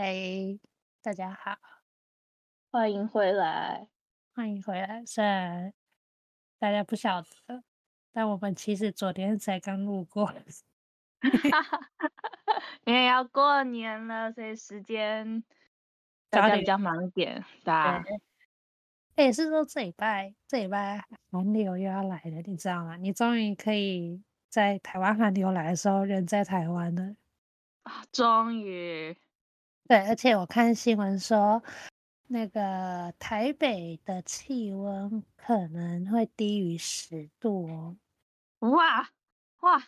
哎，hey, 大家好，歡迎回來，歡迎回來。雖然大家不曉得，但我們其實昨天才剛錄過。哈哈哈哈哈！因為要過年了，所以時間，大家比較忙一點。點對。哎，hey, 是說這禮拜，這禮拜寒流又要來了，你知道嗎？你終於可以在台灣寒流來的時候人在台灣了啊！終於。對，而且我看新聞說，那個台北的氣溫可能會低於十度哦。哇哇，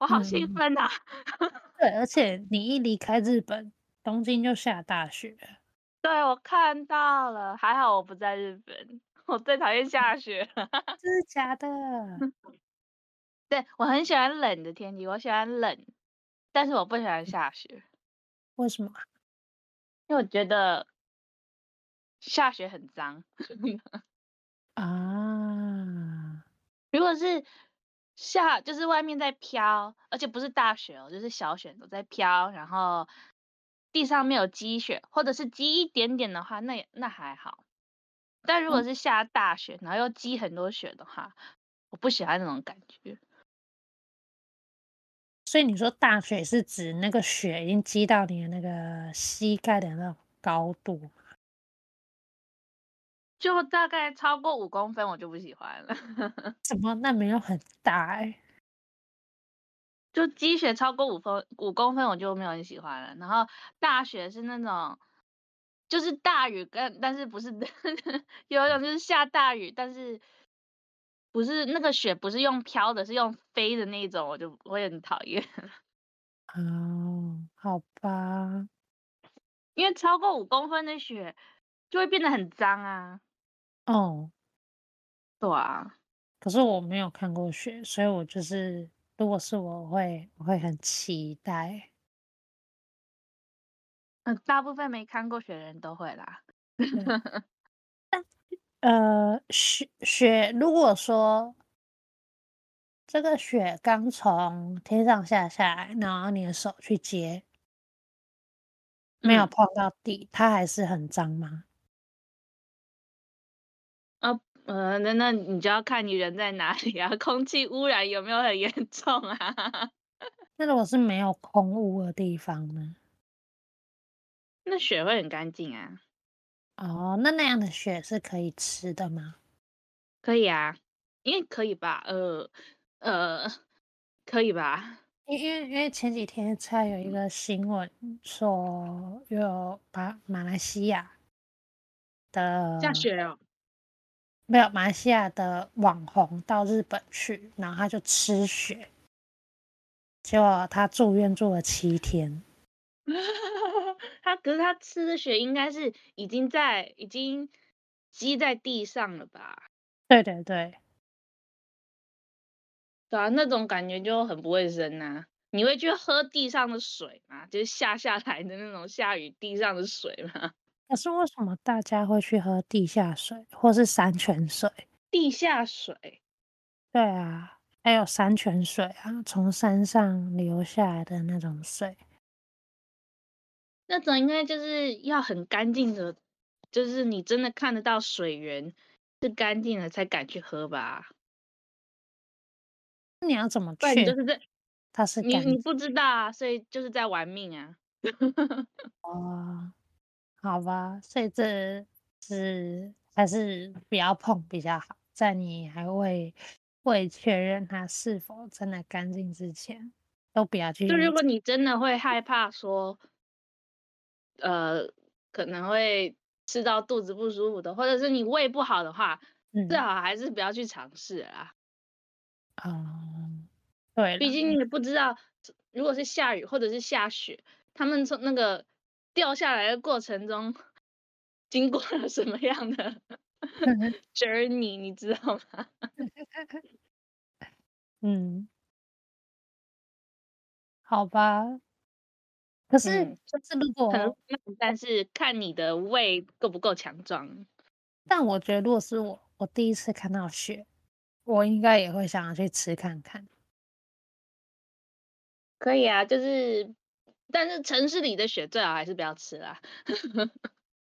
我好興奮吶、啊嗯！對，而且你一離開日本，東京就下大雪。 對，我看到了，還好我不在日本，我最討厭下雪。真的 假的？ 對，我很喜歡冷的天氣，我喜歡冷，但是我不喜歡下雪。為什麼？因為我覺得下雪很髒 啊！如果是下就是外面在飄，而且不是大雪哦，就是小雪都在飄，然後地上沒有積雪，或者是積一點點的話，那也那還好。但如果是下大雪，嗯、然後又積很多雪的話，我不喜歡那種感覺。所以你說大雪是指那個雪已經積到你的那個膝蓋的那種高度？就大概超過五公分，我就不喜歡了。 什麼？那沒有很大哎、欸，就積雪超過五分五公分，我就沒有很喜歡了。然後大雪是那種，就是大雨，跟，但是不是， 有一種就是下大雨，但是。不是那個雪不是用飄的，是用飛的那種，我就會很討厭。 哦，好吧，因為超過五公分的雪就會變得很髒啊。哦，對啊。可是我沒有看過雪，所以我就是，如果是我，我會，我會很期待。嗯，大部分沒看過雪的人都會啦。 呃，雪雪，如果說這個雪剛從天上下下來，然後你的手去接，沒有碰到地，嗯、它還是很髒嗎？啊、哦、呃，那那你就要看你人在哪裡啊，空氣污染有沒有很嚴重啊？ 那如果是沒有空污的地方呢？那雪會很乾淨啊。哦，那那樣的雪是可以吃的嗎？可以啊，應該可以吧？呃呃，可以吧？因為因為前幾天才有一個新聞說，有馬馬來西亞的下雪哦，沒有馬來西亞的網紅到日本去，然後他就吃雪，結果他住院住了七天。 他可是他吃的雪應該是已經在已經積在地上了吧？對對對。對啊，那種感覺就很不衛生吶、啊。你會去喝地上的水嗎？就是下下來的那種下雨地上的水嗎？可是為什麼大家會去喝地下水或是山泉水？地下水，對啊，還有山泉水啊，從山上流下來的那種水。那種應該就是要很乾淨的，就是你真的看得到水源是乾淨的才敢去喝吧？你要怎麼去？就是在他是你你不知道啊，所以就是在玩命啊。 哦，好吧，所以這是還是不要碰比較好，在你還未未確認它是否真的乾淨之前，都不要去。就如果你真的會害怕說。呃，可能會吃到肚子不舒服的，或者是你胃不好的話，嗯、最好還是不要去嘗試啦。啊、嗯，對，畢竟你不知道，如果是下雨或者是下雪，他們從那個掉下來的過程中，經過了什麼樣的 journey，你知道嗎？嗯，好吧。可是，就是如果可能，嗯嗯，但是看你的胃夠不夠強壯。但我覺得，如果是我，我第一次看到雪，我應該也會想要去吃看看。可以啊，就是，但是城市裡的雪最好還是不要吃啦。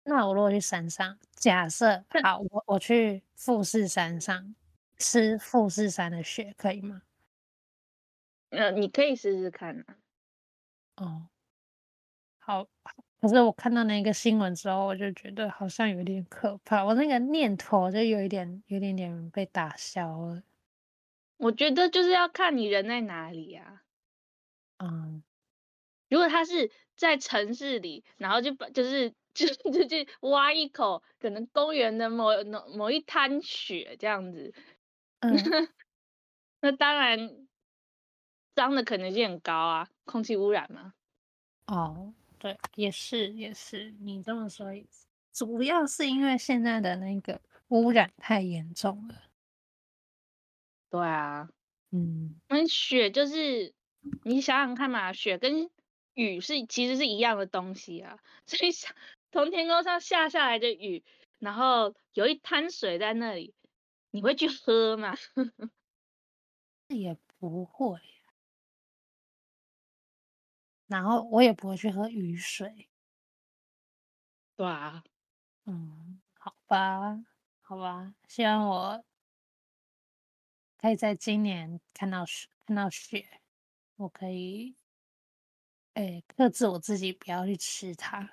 那我如果去山上，假設好， 我我去富士山上吃富士山的雪，可以嗎？嗯，呃，你可以試試看啊。哦。好，可是我看到那個新聞之後，我就覺得好像有點可怕。我那個念頭就有一點，有一點點被打消了。我覺得就是要看你人在哪裡呀、啊。嗯。如果他是在城市裡，然後就把就是就就去挖一口，可能公園的某某某一灘雪這樣子。嗯。 那當然，髒的可能性很高啊，空氣污染啊。哦。對，也是也是，你這麼說意思，主要是因為現在的那個污染太嚴重了。對啊，嗯，那、嗯、雪就是你想想看嘛，雪跟雨是其實是一樣的東西啊。所以想從天空上下下來的雨，然後有一灘水在那裡，你會去喝嗎？那 也不會。然後我也不會去喝雨水，對啊，嗯，好吧，好吧，希望我可以在今年看到雪，看到雪，我可以，哎、欸，克制我自己不要去吃它。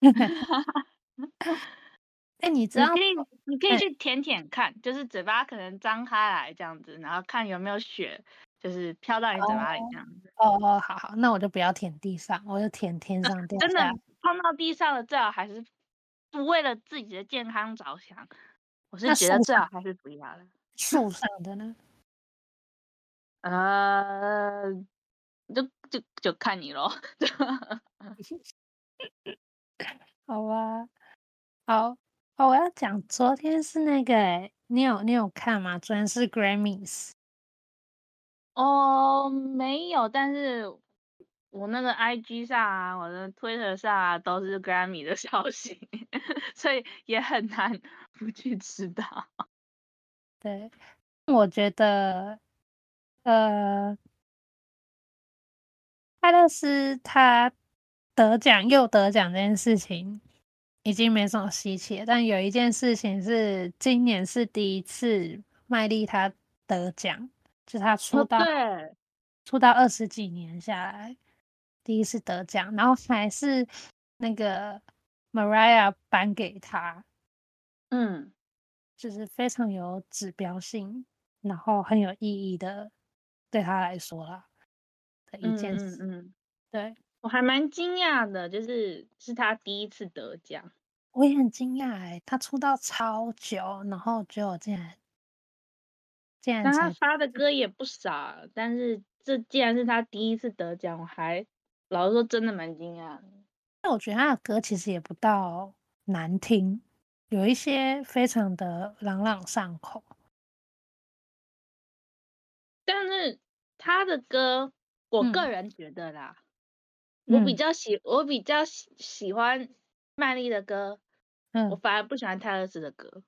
哎、 欸，你知道，可以，你可以去舔舔看，欸、就是嘴巴可能張開來這樣子，然後看有沒有雪。就是飄到你嘴巴裡這樣子。哦哦，好好，那我就不要舔地上，我就舔天上掉。 真的，碰到地上的最好還是不為了自己的健康着想，我是覺得最好還是不要了。樹上的呢？呃、uh,，就就就看你咯。 好啊，好，oh, 我要講昨天是那個，你有你有看嗎？昨天是 Grammys。哦，oh, 沒有，但是我那個 IG 上啊，我的 Twitter 上啊，都是 Grammy 的消息， 所以也很難不去知道。對，我覺得，呃，泰勒絲他得獎又得獎這件事情已經沒什麼稀奇，但有一件事情是今年是第一次麥莉他得獎。是他出道，哦、出道二十幾年下來，第一次得獎，然後還是那個 Maria 頒給他，嗯，就是非常有指標性，然後很有意義的，對他來說啦，的一件事。嗯，嗯嗯，對我還蠻驚訝的，就是是他第一次得獎，我也很驚訝哎，他出道超久，然後就有這樣。但他發的歌也不少，但是這既然是他第一次得獎，我還老實說真的蠻驚訝。那我覺得他的歌其實也不到難聽，有一些非常的朗朗上口。但是他的歌，我個人覺得啦，嗯、我比較喜，我比較喜喜歡麥莉的歌，嗯，我反而不喜歡泰勒斯的歌。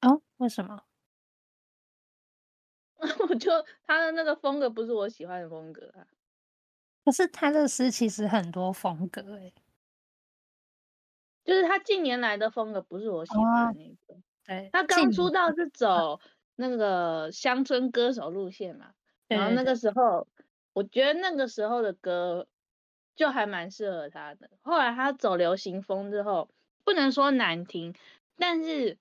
嗯、哦，為什麼？ 我就他的那個風格不是我喜歡的風格啊，可是他的詩其實很多風格哎，就是他近年來的風格不是我喜歡的那個。他剛出道是走那個鄉村歌手路線嘛，然後那個時候我覺得那個時候的歌就還蠻適合他的，後來他走流行風之後，不能說難聽，但是。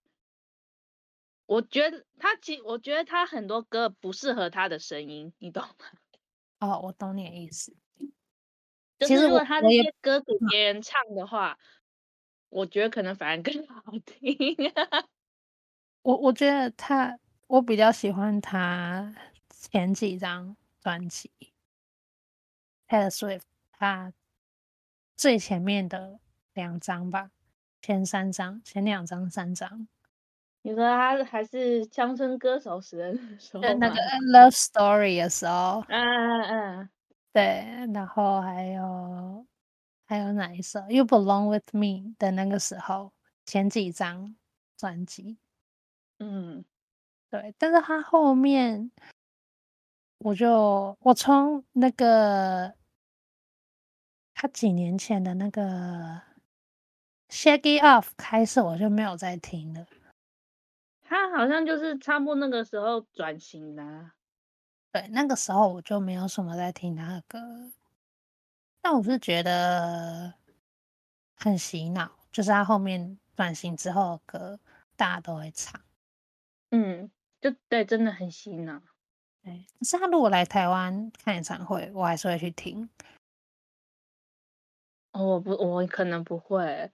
我覺得他其，我覺得他很多歌不適合他的聲音，你懂嗎？哦，我懂你的意思。其實如果他這些歌給別人唱的話，我覺得可能反而更好聽。我覺我覺得他，我比較喜歡他前幾張專輯 Taylor Swift 他最前面的兩張吧，前三張，前兩張三張。你說他還是鄉村歌手時的，什、欸、那個《Love Story》的時候，嗯嗯嗯，對。然後還有還有哪一首？《You Belong With Me》的那個時候，前幾張專輯，嗯，對。但是他後面，我就我從那個他幾年前的那個《Shake It Off》開始，我就沒有再聽了。他好像就是差不多那個時候轉型的啊。對，那個時候我就沒有什麼在聽他的歌。但我是覺得很洗腦，就是他後面轉型之後的歌，大家都會唱。嗯，就對，真的很洗腦。對，可是他如果來台灣看演唱會，我還是會去聽。我不，我可能不會。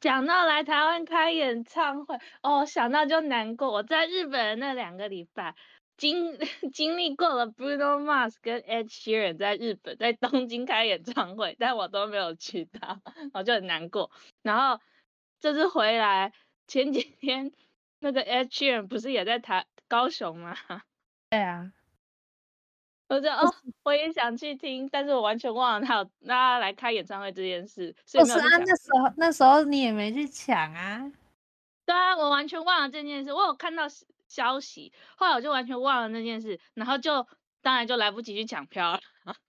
講到來台灣開演唱會哦，想到就難過。我在日本的那兩個禮拜，經經歷過了 Bruno Mars 跟 Ed Sheeran 在日本、在東京開演唱會，但我都沒有去到，我就很難過。然後這次、就是、回來前幾天，那個 Ed Sheeran 不是也在台高雄嗎？對啊。我就哦，我也想去聽，但是我完全忘了他有他來開演唱會這件事。所以不是啊，那時候那時候你也沒去搶啊。對啊，我完全忘了這件事。我有看到消息，後來我就完全忘了那件事，然後就當然就來不及去搶票了。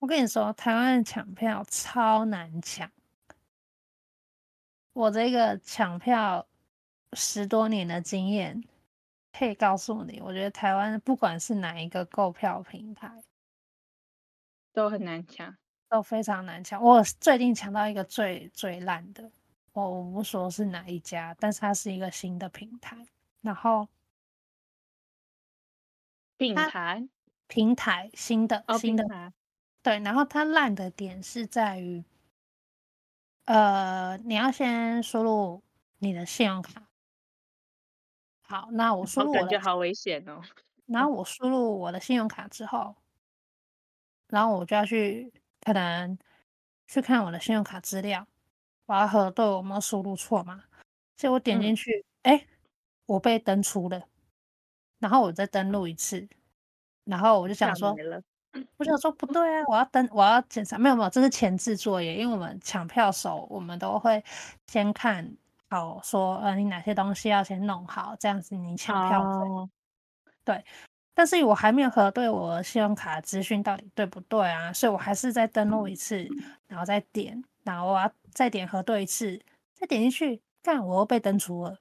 我跟你說，台灣的搶票超難搶，我這個搶票十多年的經驗。可以告訴你，我覺得台灣不管是哪一個購票平台，都很難搶，都非常難搶。我最近搶到一個最最爛的，我我不說是哪一家，但是它是一個新的平台，然後平台平台新的新的，新的 Oh, 平台對，然後它爛的點是在於，呃，你要先輸入你的信用卡。好，那我輸入我感覺好危險哦。然後我輸入我的信用卡之後，然後我就要去可能去看我的信用卡資料，我要核對我有沒有輸入錯嘛。所以我點進去，哎、嗯欸，我被登出了。然後我再登錄一次，然後我就想說，我想說不對啊，我要登，我要檢查，沒有沒有，這是前置作業，因為我們搶票手我們都會先看。好說，呃，你哪些東西要先弄好，這樣子你搶票。好對，但是我還沒有核對我信用卡資訊到底對不對啊，所以我還是再登錄一次，然後再點，然後我要再點核對一次，再點進去，看我又被登出了，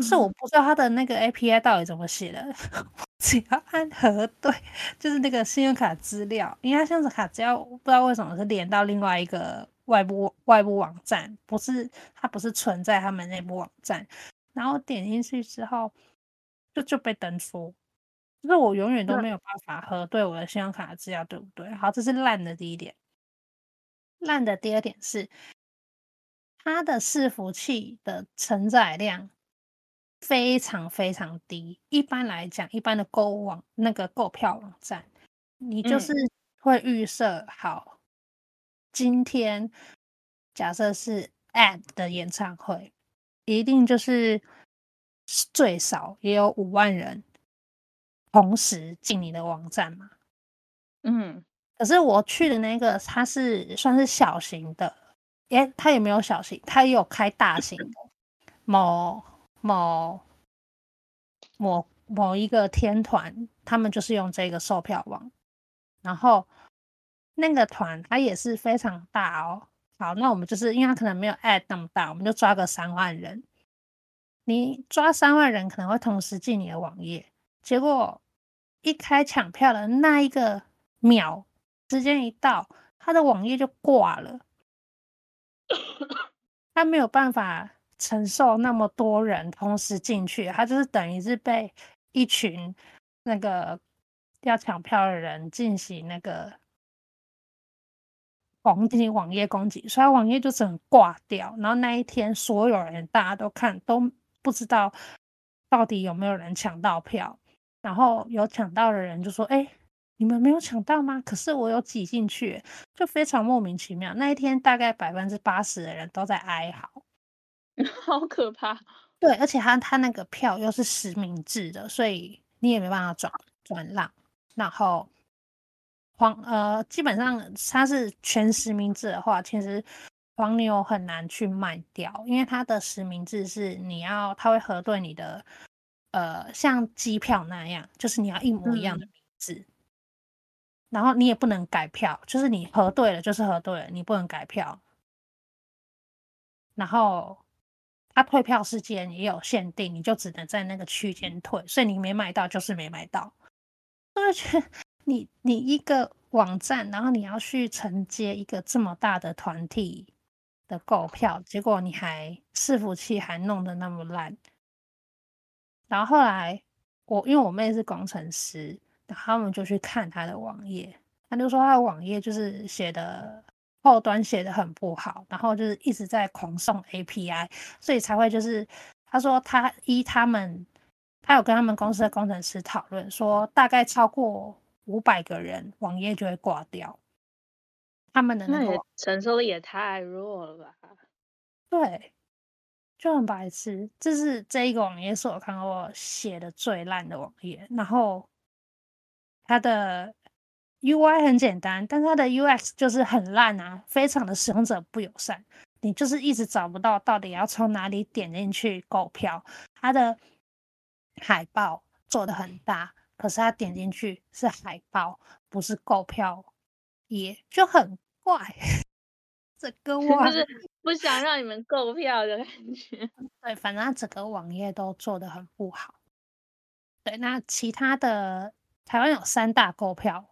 是我不知道他的那個 API 到底怎麼寫的，嗯、 只要按核對，就是那個信用卡資料，因為他信用卡只要不知道為什麼是連到另外一個。外部外部網站，不是，它不是存在他們內部網站，然後點進去之後就就被登出，就是我永遠都沒有辦法核對，對我的信用卡的資料，對不對？好，這是爛的第一點。爛的第二點是，它的伺服器的承載量非常非常低。一般來講，一般的購物網，那個購票網站，你就是會預設好。嗯今天假設是 AD 的演唱會，一定就是最少也有五萬人同時進你的網站嘛。嗯，可是我去的那個它是算是小型的，哎、欸，它也沒有小型，它也有開大型的，某某某某一個天團，他們就是用這個售票網，然後。那個團它也是非常大哦。好，那我們就是因為它可能沒有 AD 那麼大，我們就抓個三萬人。你抓三萬人可能會同時進你的網頁，結果一開搶票的那一個秒時間一到，他的網頁就掛了，他沒有辦法承受那麼多人同時進去，他就是等於是被一群那個要搶票的人進行那個。進行網頁攻擊，所以他網頁就整個掛掉。然後那一天，所有人大家都看都不知道到底有沒有人搶到票。然後有搶到的人就說：“哎、欸，你們沒有搶到嗎？可是我有擠進去，就非常莫名其妙。”那一天大概百分之八十的人都在哀嚎，好可怕。對，而且他他那個票又是實名制的，所以你也沒辦法轉轉讓。然後。黃呃，基本上它是全實名制的話，其實黃牛很難去賣掉，因為它的實名制是你要，它會核對你的，呃，像機票那樣，就是你要一模一樣的名字，嗯、然後你也不能改票，就是你核對了就是核對了，你不能改票。然後它退票時間也有限定，你就只能在那個區間退，所以你沒買到就是沒買到，所以去。你你一個網站，然後你要去承接一個這麼大的團體的購票，結果你還伺服器還弄得那麼爛，然後後來我因為我妹是工程師，然後他們就去看他的網頁，他就說他的網頁就是寫的後端寫得很不好，然後就是一直在狂送 API，所以才會就是他說他依他們，他有跟他們公司的工程師討論說，大概超過。五百個人，網頁就會掛掉。他們的那個那承受力也太弱了吧？對，就很白痴。這是這一個網頁是我看過寫的最爛的網頁。然後，它的 U I 很簡單，但它的 U X 就是很爛啊，非常的使用者不友善。你就是一直找不到到底要從哪裡點進去購票。它的海報做得很大。嗯可是他點進去是海報，不是購票，也就很怪。這個網就是不想讓你們購票的感覺。對，反正整個網頁都做得很不好。對，那其他的台灣有三大購票，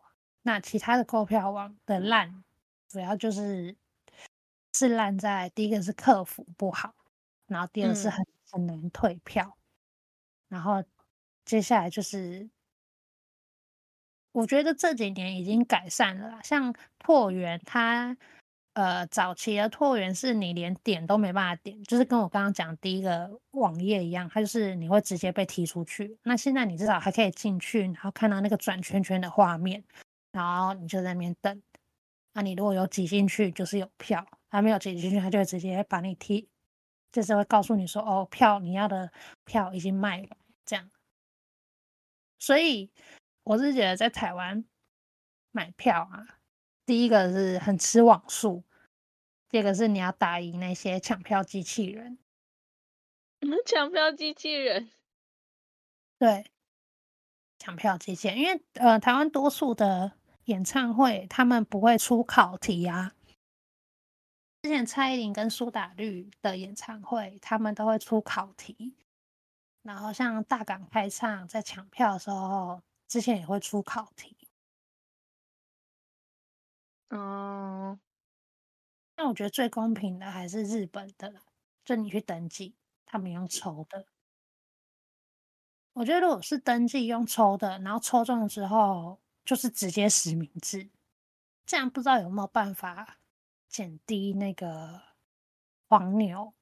那其他的購票網的爛，主要就是是爛在第一個是客服不好，然後第二個是很很難退票，嗯、然後接下來就是。我覺得這幾年已經改善了，像拓元，它呃早期的拓元是你連點都沒辦法點，就是跟我剛剛講的第一個網頁一樣，它就是你會直接被踢出去。那現在你至少還可以進去，然後看到那個轉圈圈的畫面，然後你就在那邊等。那、啊、你如果有擠進去，就是有票；還沒有擠進去，他就會直接把你踢，就是會告訴你說：“哦，票你要的票已經賣了。”這樣，所以。我是覺得在台灣買票啊，第一個是很吃網速，第二個是你要打贏那些搶票機器人。搶票機器人？對，搶票機器人，因為呃，台灣多數的演唱會他們不會出考題啊。之前蔡依林跟蘇打綠的演唱會，他們都會出考題，然後像大港開唱在搶票的時候之前也會出考題，嗯。那我覺得最公平的還是日本的，就你去登記，他們用抽的。我覺得如果是登記用抽的，然後抽中之後就是直接實名制，這樣不知道有沒有辦法減低那個黃牛。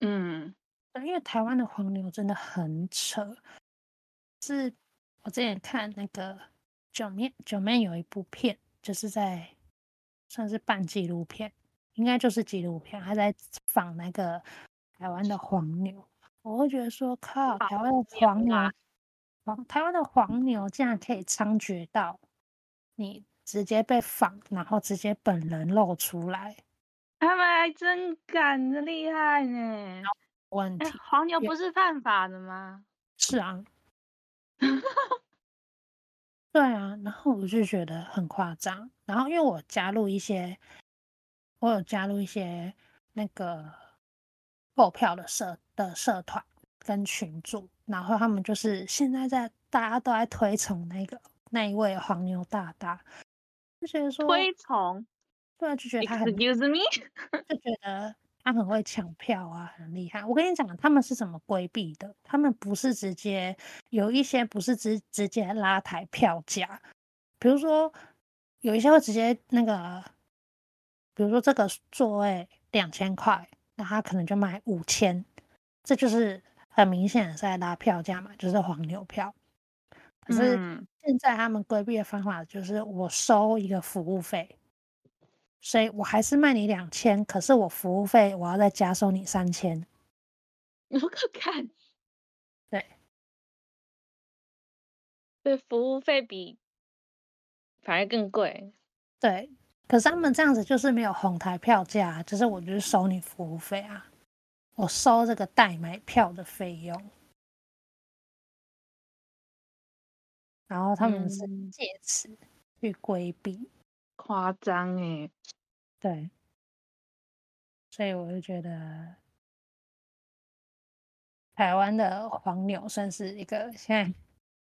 嗯，因為台灣的黃牛真的很扯。是，我之前看那個九面九面，有一部片，就是在算是半紀錄片，應該就是紀錄片。他在仿那個台灣的黃牛，我會覺得說靠，台灣的黃牛，哇台灣黃牛台灣的黃牛竟然可以猖獗，到你直接被仿，然後直接本人露出來，他們還真敢，真厲害呢。問題、欸、黃牛不是犯法的嗎？是啊。哈哈， 對啊，然後我就覺得很誇張。然後因為我加入一些，我有加入一些那個購票的社的社團跟群組，然後他們就是現在在大家都在推崇那個那一位黃牛大大，就覺得說推崇，對啊，就覺得他很 就覺得。他很會搶票啊，很厲害。我跟你講，他們是怎麼規避的？他們不是直接有一些不是直直接拉抬票價，比如說有一些會直接那個，比如說這個座位兩千塊，那他可能就賣五千，這就是很明顯的是在拉票價嘛，就是黃牛票。可是現在他們規避的方法就是我收一個服務費。所以我還是賣你兩千，可是我服務費我要再加收你三千。不夠看。對。所以服務費比反而更貴。對。可是他們這樣子就是沒有哄抬票價，啊，就是我就是收你服務費啊，我收這個代買票的費用。然後他們是借此去規避。誇張哎，欸、對，所以我就覺得台灣的黃牛算是一個現在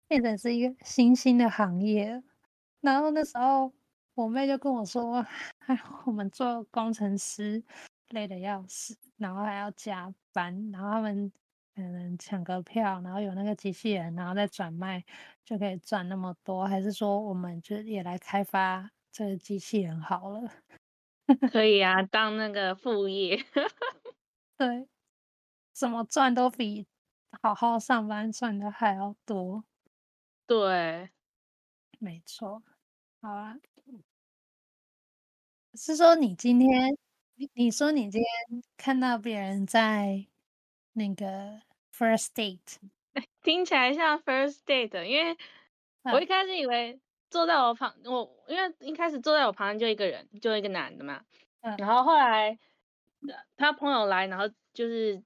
變成是一個新興的行業。然後那時候我妹就跟我說：“哎，我們做工程師累得要死，然後還要加班，然後他們可能搶個票，然後有那個機器人，然後再轉賣就可以賺那麼多，還是說我們就也來開發？”這個機器人好了， 可以啊，當那個副業， 對，怎麼賺都比好好上班賺的還要多，對，沒錯，好啊，是說你今天，你說你今天看到別人在那個 first date，聽起來像 first date，因為我一開始以為、嗯。坐在我旁，我因為一開始坐在我旁邊就一個人，就一個男的嘛。嗯。然後後來、呃、他朋友來，然後就是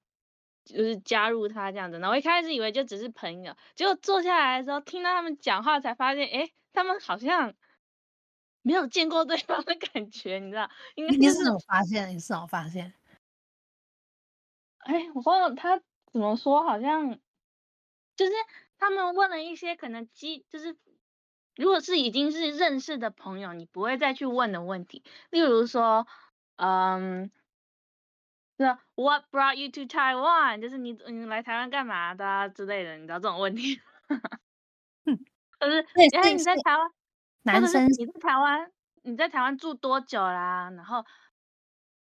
就是加入他這樣子，然後我一開始以為就只是朋友，結果坐下來的時候聽到他們講話，才發現哎、欸，他們好像沒有見過對方的感覺，你知道？因為、就是、你是怎麼發現，你是怎麼發現。哎、欸，我忘了他怎麼說，好像就是他們問了一些可能機，就是。如果是已經是認識的朋友，你不會再去問的問題，例如說，嗯，那 What brought you to Taiwan？就是你你來台灣幹嘛的、啊、之類的，你知道這種問題， 可是，是是是因為你在台灣，是是男生是是你，你在台灣，你在台灣住多久啦、啊？然後。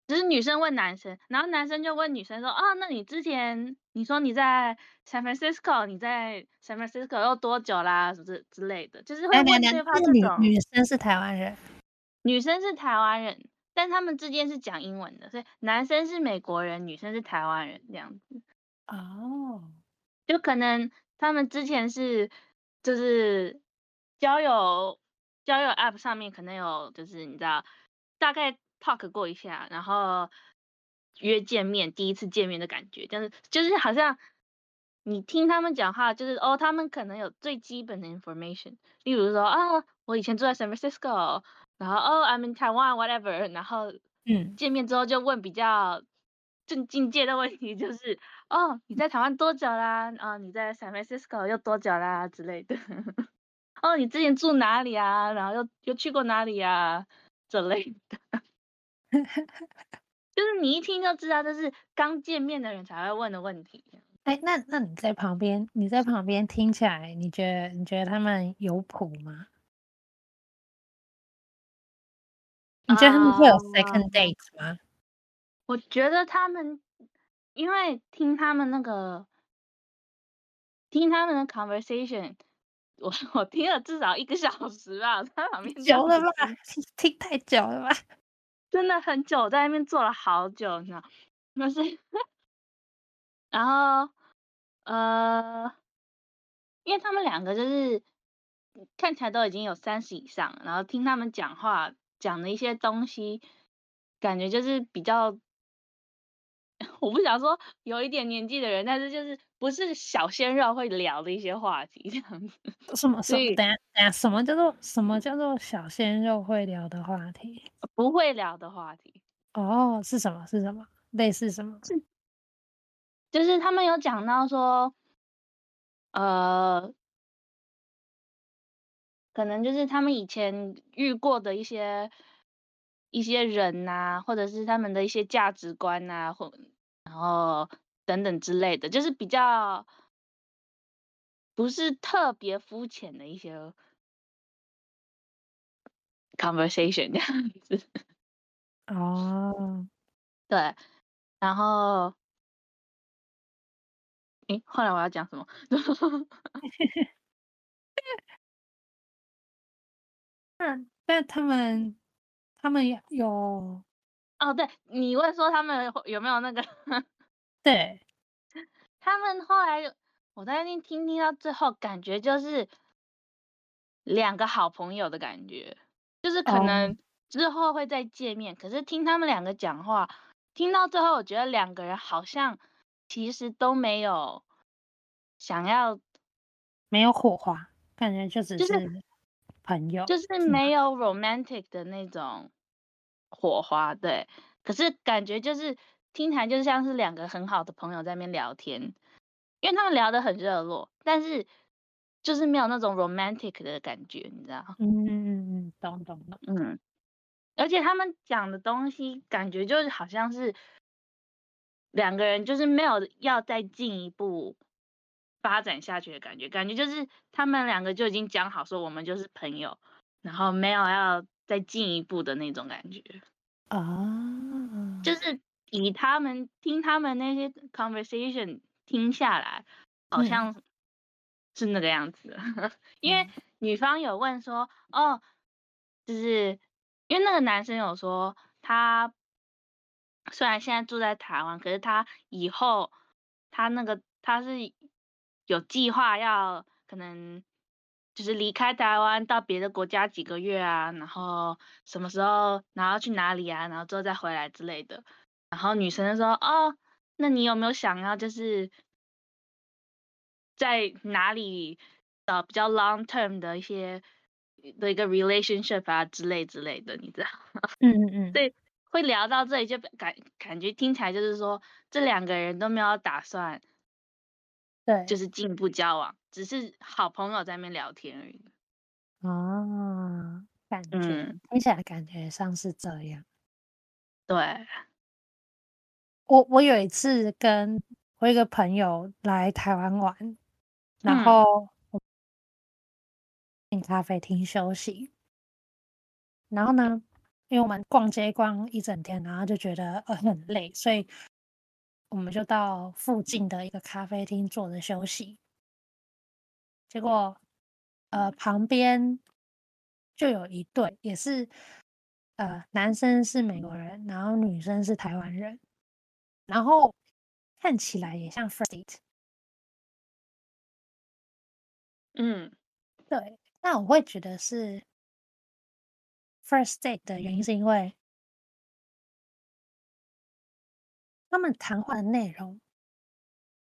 只是女生問男生，然後男生就問女生說：“哦、啊，那你之前你說你在 San Francisco，你在 San Francisco 有多久啦、啊？什麼之類的，就是會問對方這種。哎哎嗯女”女生是台灣人，女生是台灣人，但他們之間是講英文的，所以男生是美國人，女生是台灣人這樣子。哦，就可能他們之前是就是交友交友 App 上面可能有，就是你知道大概。talk 過一下，然後約見面，第一次見面的感覺，就是就是好像你聽他們講話，就是哦，他們可能有最基本的 information，例如說啊、哦，我以前住在 San Francisco，然後哦，I'm in Taiwan，whatever，然後嗯，見面之後就問比較正經界的問題，就是哦，你在台灣多久啦？啊、哦，你在 San Francisco 又多久啦？之類的。 哦，你之前住哪裡啊？然後又又去過哪裡啊？之類的。 就是你一聽就知道，這是剛見面的人才會問的問題。哎、欸，那那你在旁邊，你在旁邊聽起來，你覺得你覺得他們有譜嗎？啊、你覺得他們會有 second date 嗎？我覺得他們，因為聽他們那個，聽他們的 conversation，我我聽了至少一個小時吧，他旁邊久了吧，聽太久了吧。真的很久，在那邊坐了好久你知道嗎， 然後呃，因為他們兩個就是看起來都已經有三十以上，然後聽他們講話講的一些東西，感覺就是比較。 我不想說有一點年紀的人，但是就是不是小鮮肉會聊的一些話題這樣子。什麼什麼，所以什麼叫做什麼叫做小鮮肉會聊的話題，嗯，不會聊的話題。哦，oh, 是什麼？是什麼？類似什麼？是，就是他們有講到說，呃，可能就是他們以前遇過的一些一些人吶，啊，或者是他們的一些價值觀吶，啊，或者。然後等等之類的，就是比較不是特別膚淺的一些 conversation 這樣子。哦，oh. 對，然後，誒，後來我要講什麼？但、 嗯、但他們，他們有。哦，oh, 對你問說他們有，有沒有那個？ 對，他們後來我在那聽聽到最後，感覺就是兩個好朋友的感覺，就是可能之後會再見面。Oh. 可是聽他們兩個講話，聽到最後，我覺得兩個人好像其實都沒有想要，沒有火花，感覺就是就是朋友，就是，就是沒有 romantic 嗎的那種。火花對，可是感覺就是聽起來就像是兩個很好的朋友在那邊聊天，因為他們聊得很熱絡，但是就是沒有那種 romantic 的感覺，你知道嗎？嗯，嗯，懂懂懂。嗯，而且他們講的東西感覺就是好像是兩個人就是沒有要再進一步發展下去的感覺，感覺就是他們兩個就已經講好說，我們就是朋友，然後沒有要。再進一步的那種感覺啊，uh, 就是以他們聽他們那些 conversation 聽下來，好像是那個樣子。 因為女方有問說，哦，就是因為那個男生有說，他雖然現在住在台灣，可是他以後他那個他是有計劃要可能就是離開台灣到別的國家幾個月啊，然後什麼時候，然後去哪裡啊，然後之後再回來之類的。然後女生就說：“哦，那你有沒有想要就是在哪裡找、啊、比較 long term 的一些的一個 relationship 啊，之類之類的？”你知道嗎？嗯嗯嗯，對，會聊到這裡就感感覺聽起來就是說，這兩個人都沒有打算。對，就是進一步交往，對對對，只是好朋友在那邊聊天而已。啊，感覺、嗯、聽起來感覺像是這樣。對，我我有一次跟我一個朋友來台灣玩，嗯、然後進咖啡廳休息，然後呢，因為我們逛街逛一整天，然後就覺得呃很累，所以。我們就到附近的一個咖啡廳坐着休息，結果，呃，旁邊就有一對，也是，呃，男生是美國人，然後女生是台灣人，然後看起來也像 first date。嗯，對，那我會覺得是 first date 的原因是因為。他們談話的內容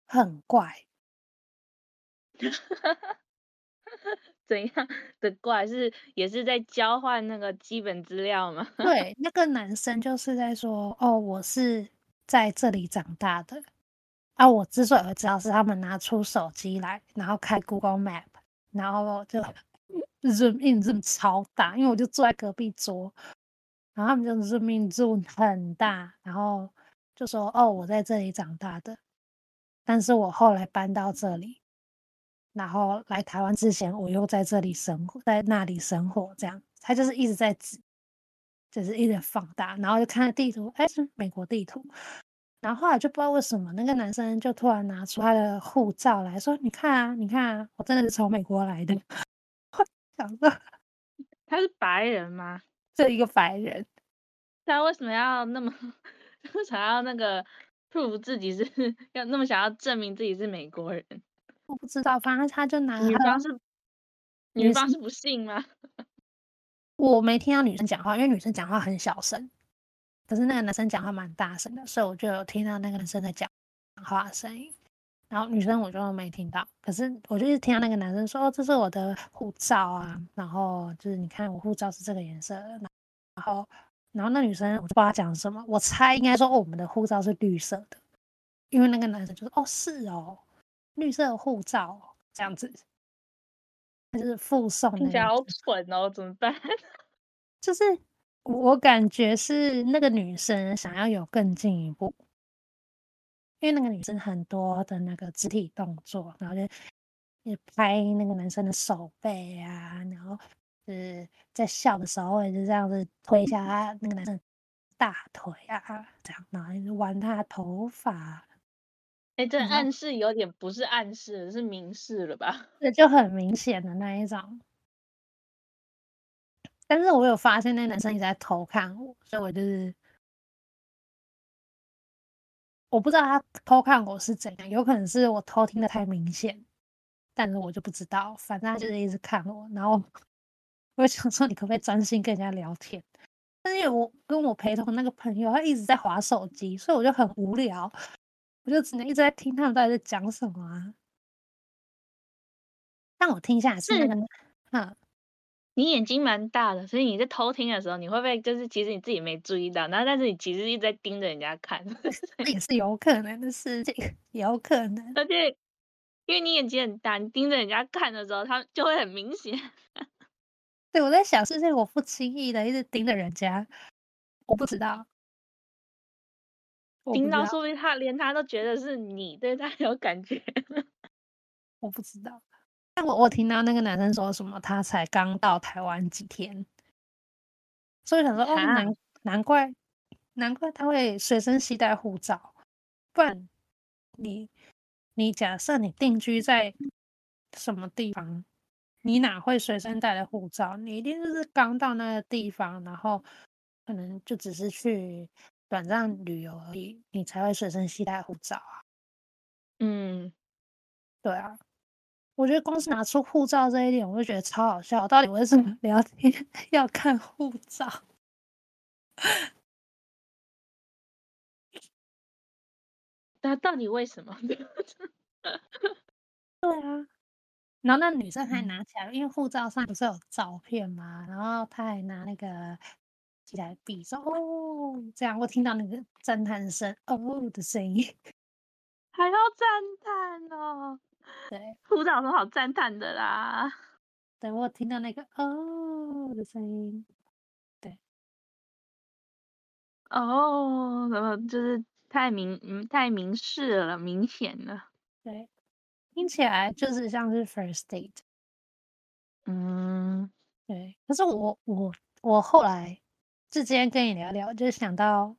很怪， 怎樣的怪是也是在交換那個基本資料嗎？ 對，那個男生就是在說：“哦，我是在這裡長大的。”啊，我之所以會知道是他們拿出手機來，然後開 Google Map，然後就 zoom in zoom 超大，因為我就坐在隔壁桌，然後他們就 zoom in zoom 很大，然後。就說哦，我在這裡長大的，但是我後來搬到這裡，然後來台灣之前，我又在這裡生活，在那裡生活，這樣他就是一直在指，就是一直放大，然後就看地圖，哎，是美國地圖，然後後來就不知道為什麼那個男生就突然拿出他的護照來說，你看啊，你看啊，我真的是從美國來的。我 想說他是白人嗎？這一個白人，他為什麼要那麼？就想要那個 prove 自己是要那麼想要證明自己是美國人，我不知道，反正他就拿他女方是女方，是不信嗎？我沒聽到女生講話，因為女生講話很小聲，可是那個男生講話蠻大聲的，所以我就有聽到那個男生在講話聲音。然後女生我就沒聽到，可是我就一直聽到那個男生說：“哦，這是我的護照啊，然後就是你看我護照是這個顏色，然後。”然後那女生，我就不知道講什麼。我猜應該說，我們的護照是綠色的，因為那個男生就說：“哦，是哦，綠色護照這樣子。”就是附送的那個，好蠢哦，怎麼辦？就是我感覺是那個女生想要有更進一步，因為那個女生很多的那個肢體動作，然後就也拍那個男生的手背啊，然後。是在笑的時候，也是這樣子推一下他那個男生大腿啊，這樣然後一直玩他頭髮。哎、欸，這暗示有點不是暗示，嗯、是明示了吧？這就很明顯的那一種。但是我有發現，那男生一直在偷看我，所以我就是我不知道他偷看我是怎樣，有可能是我偷聽得太明顯，但是我就不知道，反正他就是一直看我，然後。我想說，你可不可以專心跟人家聊天？但是因為，我跟我陪同那個朋友，他一直在滑手機，所以我就很無聊，我就只能一直在聽他們到底在講什麼啊。讓我聽下來是那個，是嗎？嗯。你眼睛蠻大的，所以你在偷聽的時候，你會不會就是其實你自己沒注意到？然後，但是你其實一直在盯着人家看，也是有可能的事情，有可能。而且，因為你眼睛很大，你盯着人家看的時候，他就會很明顯。對，我在想，是不是我不經意的一直盯着人家？我不知道，我聽到說不定他連他都覺得是你對他有感覺。我不知道，但我我聽到那個男生說什麼，他才剛到台灣幾天，所以想說、啊、哦，難難怪難怪他會隨身攜帶護照。不然你，你你假設你定居在什麼地方，你哪會隨身帶着護照？你一定就是剛到那個地方，然後可能就只是去短暫旅遊而已，你才會隨身攜帶護照啊。嗯，對啊，我覺得光是拿出護照這一點，我就覺得超好笑。到底為什麼聊天要看護照？那到底為什麼？對啊。然後那女生還拿起來，因為護照上不是有照片嘛，然後她還拿那個起來比，說哦，這樣我聽到那個讚嘆聲，哦的聲音，還要讚嘆哦，對，護照上好讚嘆的啦，對，我聽到那個哦的聲音，對，哦，然後就是太明，太明示了，明顯了，對。聽起來就是像是 first date，嗯，對。可是我我我後來之前跟你聊聊，就想到，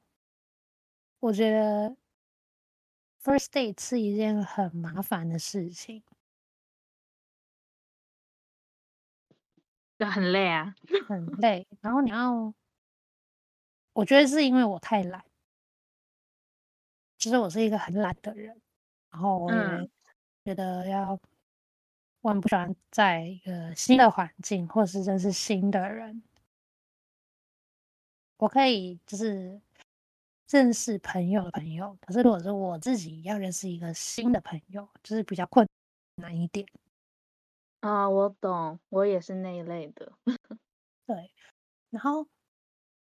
我覺得 first date 是一件很麻煩的事情，就很累啊，很累。然後你要，我覺得是因為我太懶，其實我是一個很懶的人，然後嗯覺得要，我不喜歡在一個新的環境，或是認識新的人。我可以就是認識朋友的朋友，可是如果說我自己要認識一個新的朋友，就是比較困難一點。啊，我懂，我也是那一類的。 對，然後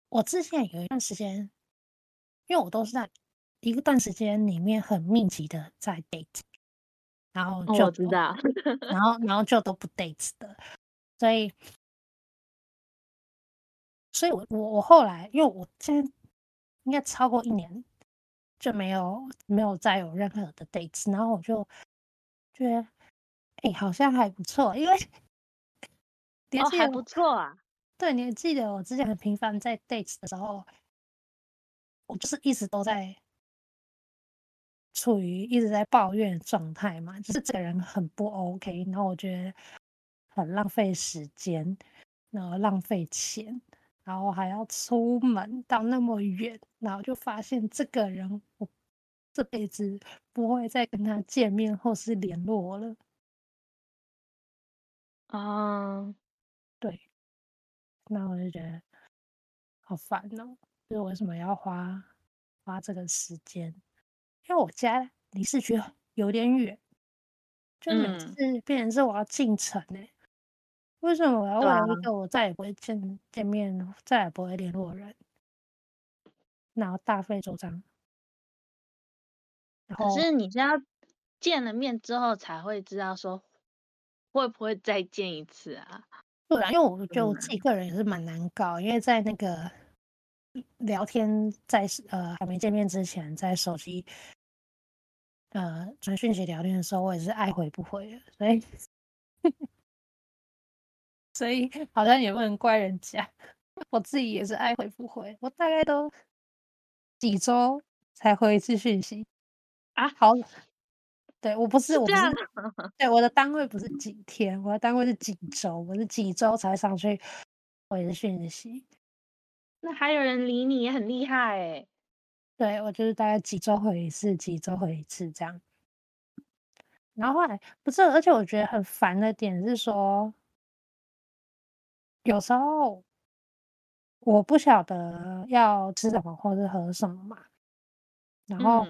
我之前有一段時間，因為我都是在一個段時間裡面很密集的在 date。然後就，哦、我知道， 然後然後就都不 dates 的，所以，所以我我我後來，因為我現在應該超過一年就沒有沒有再有任何的 dates，然後我就覺得，哎、欸，好像還不錯，因為哦還不錯啊，對，你還記得我之前很頻繁在 dates 的時候，我就是一直都在。處於一直在抱怨的狀態嘛，就是這個人很不 OK，然後我覺得很浪費時間，然後浪費錢，然後還要出門到那麼遠，然後就發現這個人我這輩子不會再跟他見面或是聯絡了。啊、 嗯，對，那我就覺得好煩哦、喔，就是為什麼要花花這個時間？因為我家離市區有點遠，就是變成是我要進城呢。嗯、為什麼我要為了一個我再也不會見見面、再也不會聯絡的人，然後大費周章？可是你家見了面之後才會知道說會不會再見一次啊？對然、啊、因為我覺得我自己個人也是蠻難搞，嗯、因為在那個。聊天在呃還沒見面之前，在手機呃傳訊息聊天的時候，我也是愛回不回的， 所以所以好像也不能怪人家，我自己也是愛回不回，我大概都幾周才回一次訊息啊，好，對，我不是，我不是，是對我的單位不是幾天，我的單位是幾周，我是幾周才會上去回的訊息。那還有人理你也很厲害欸，對我就是大概幾周回一次，幾周回一次這樣。然後後來不是，而且我覺得很煩的點是說，有時候我不曉得要吃什麼或是喝什麼嘛，然後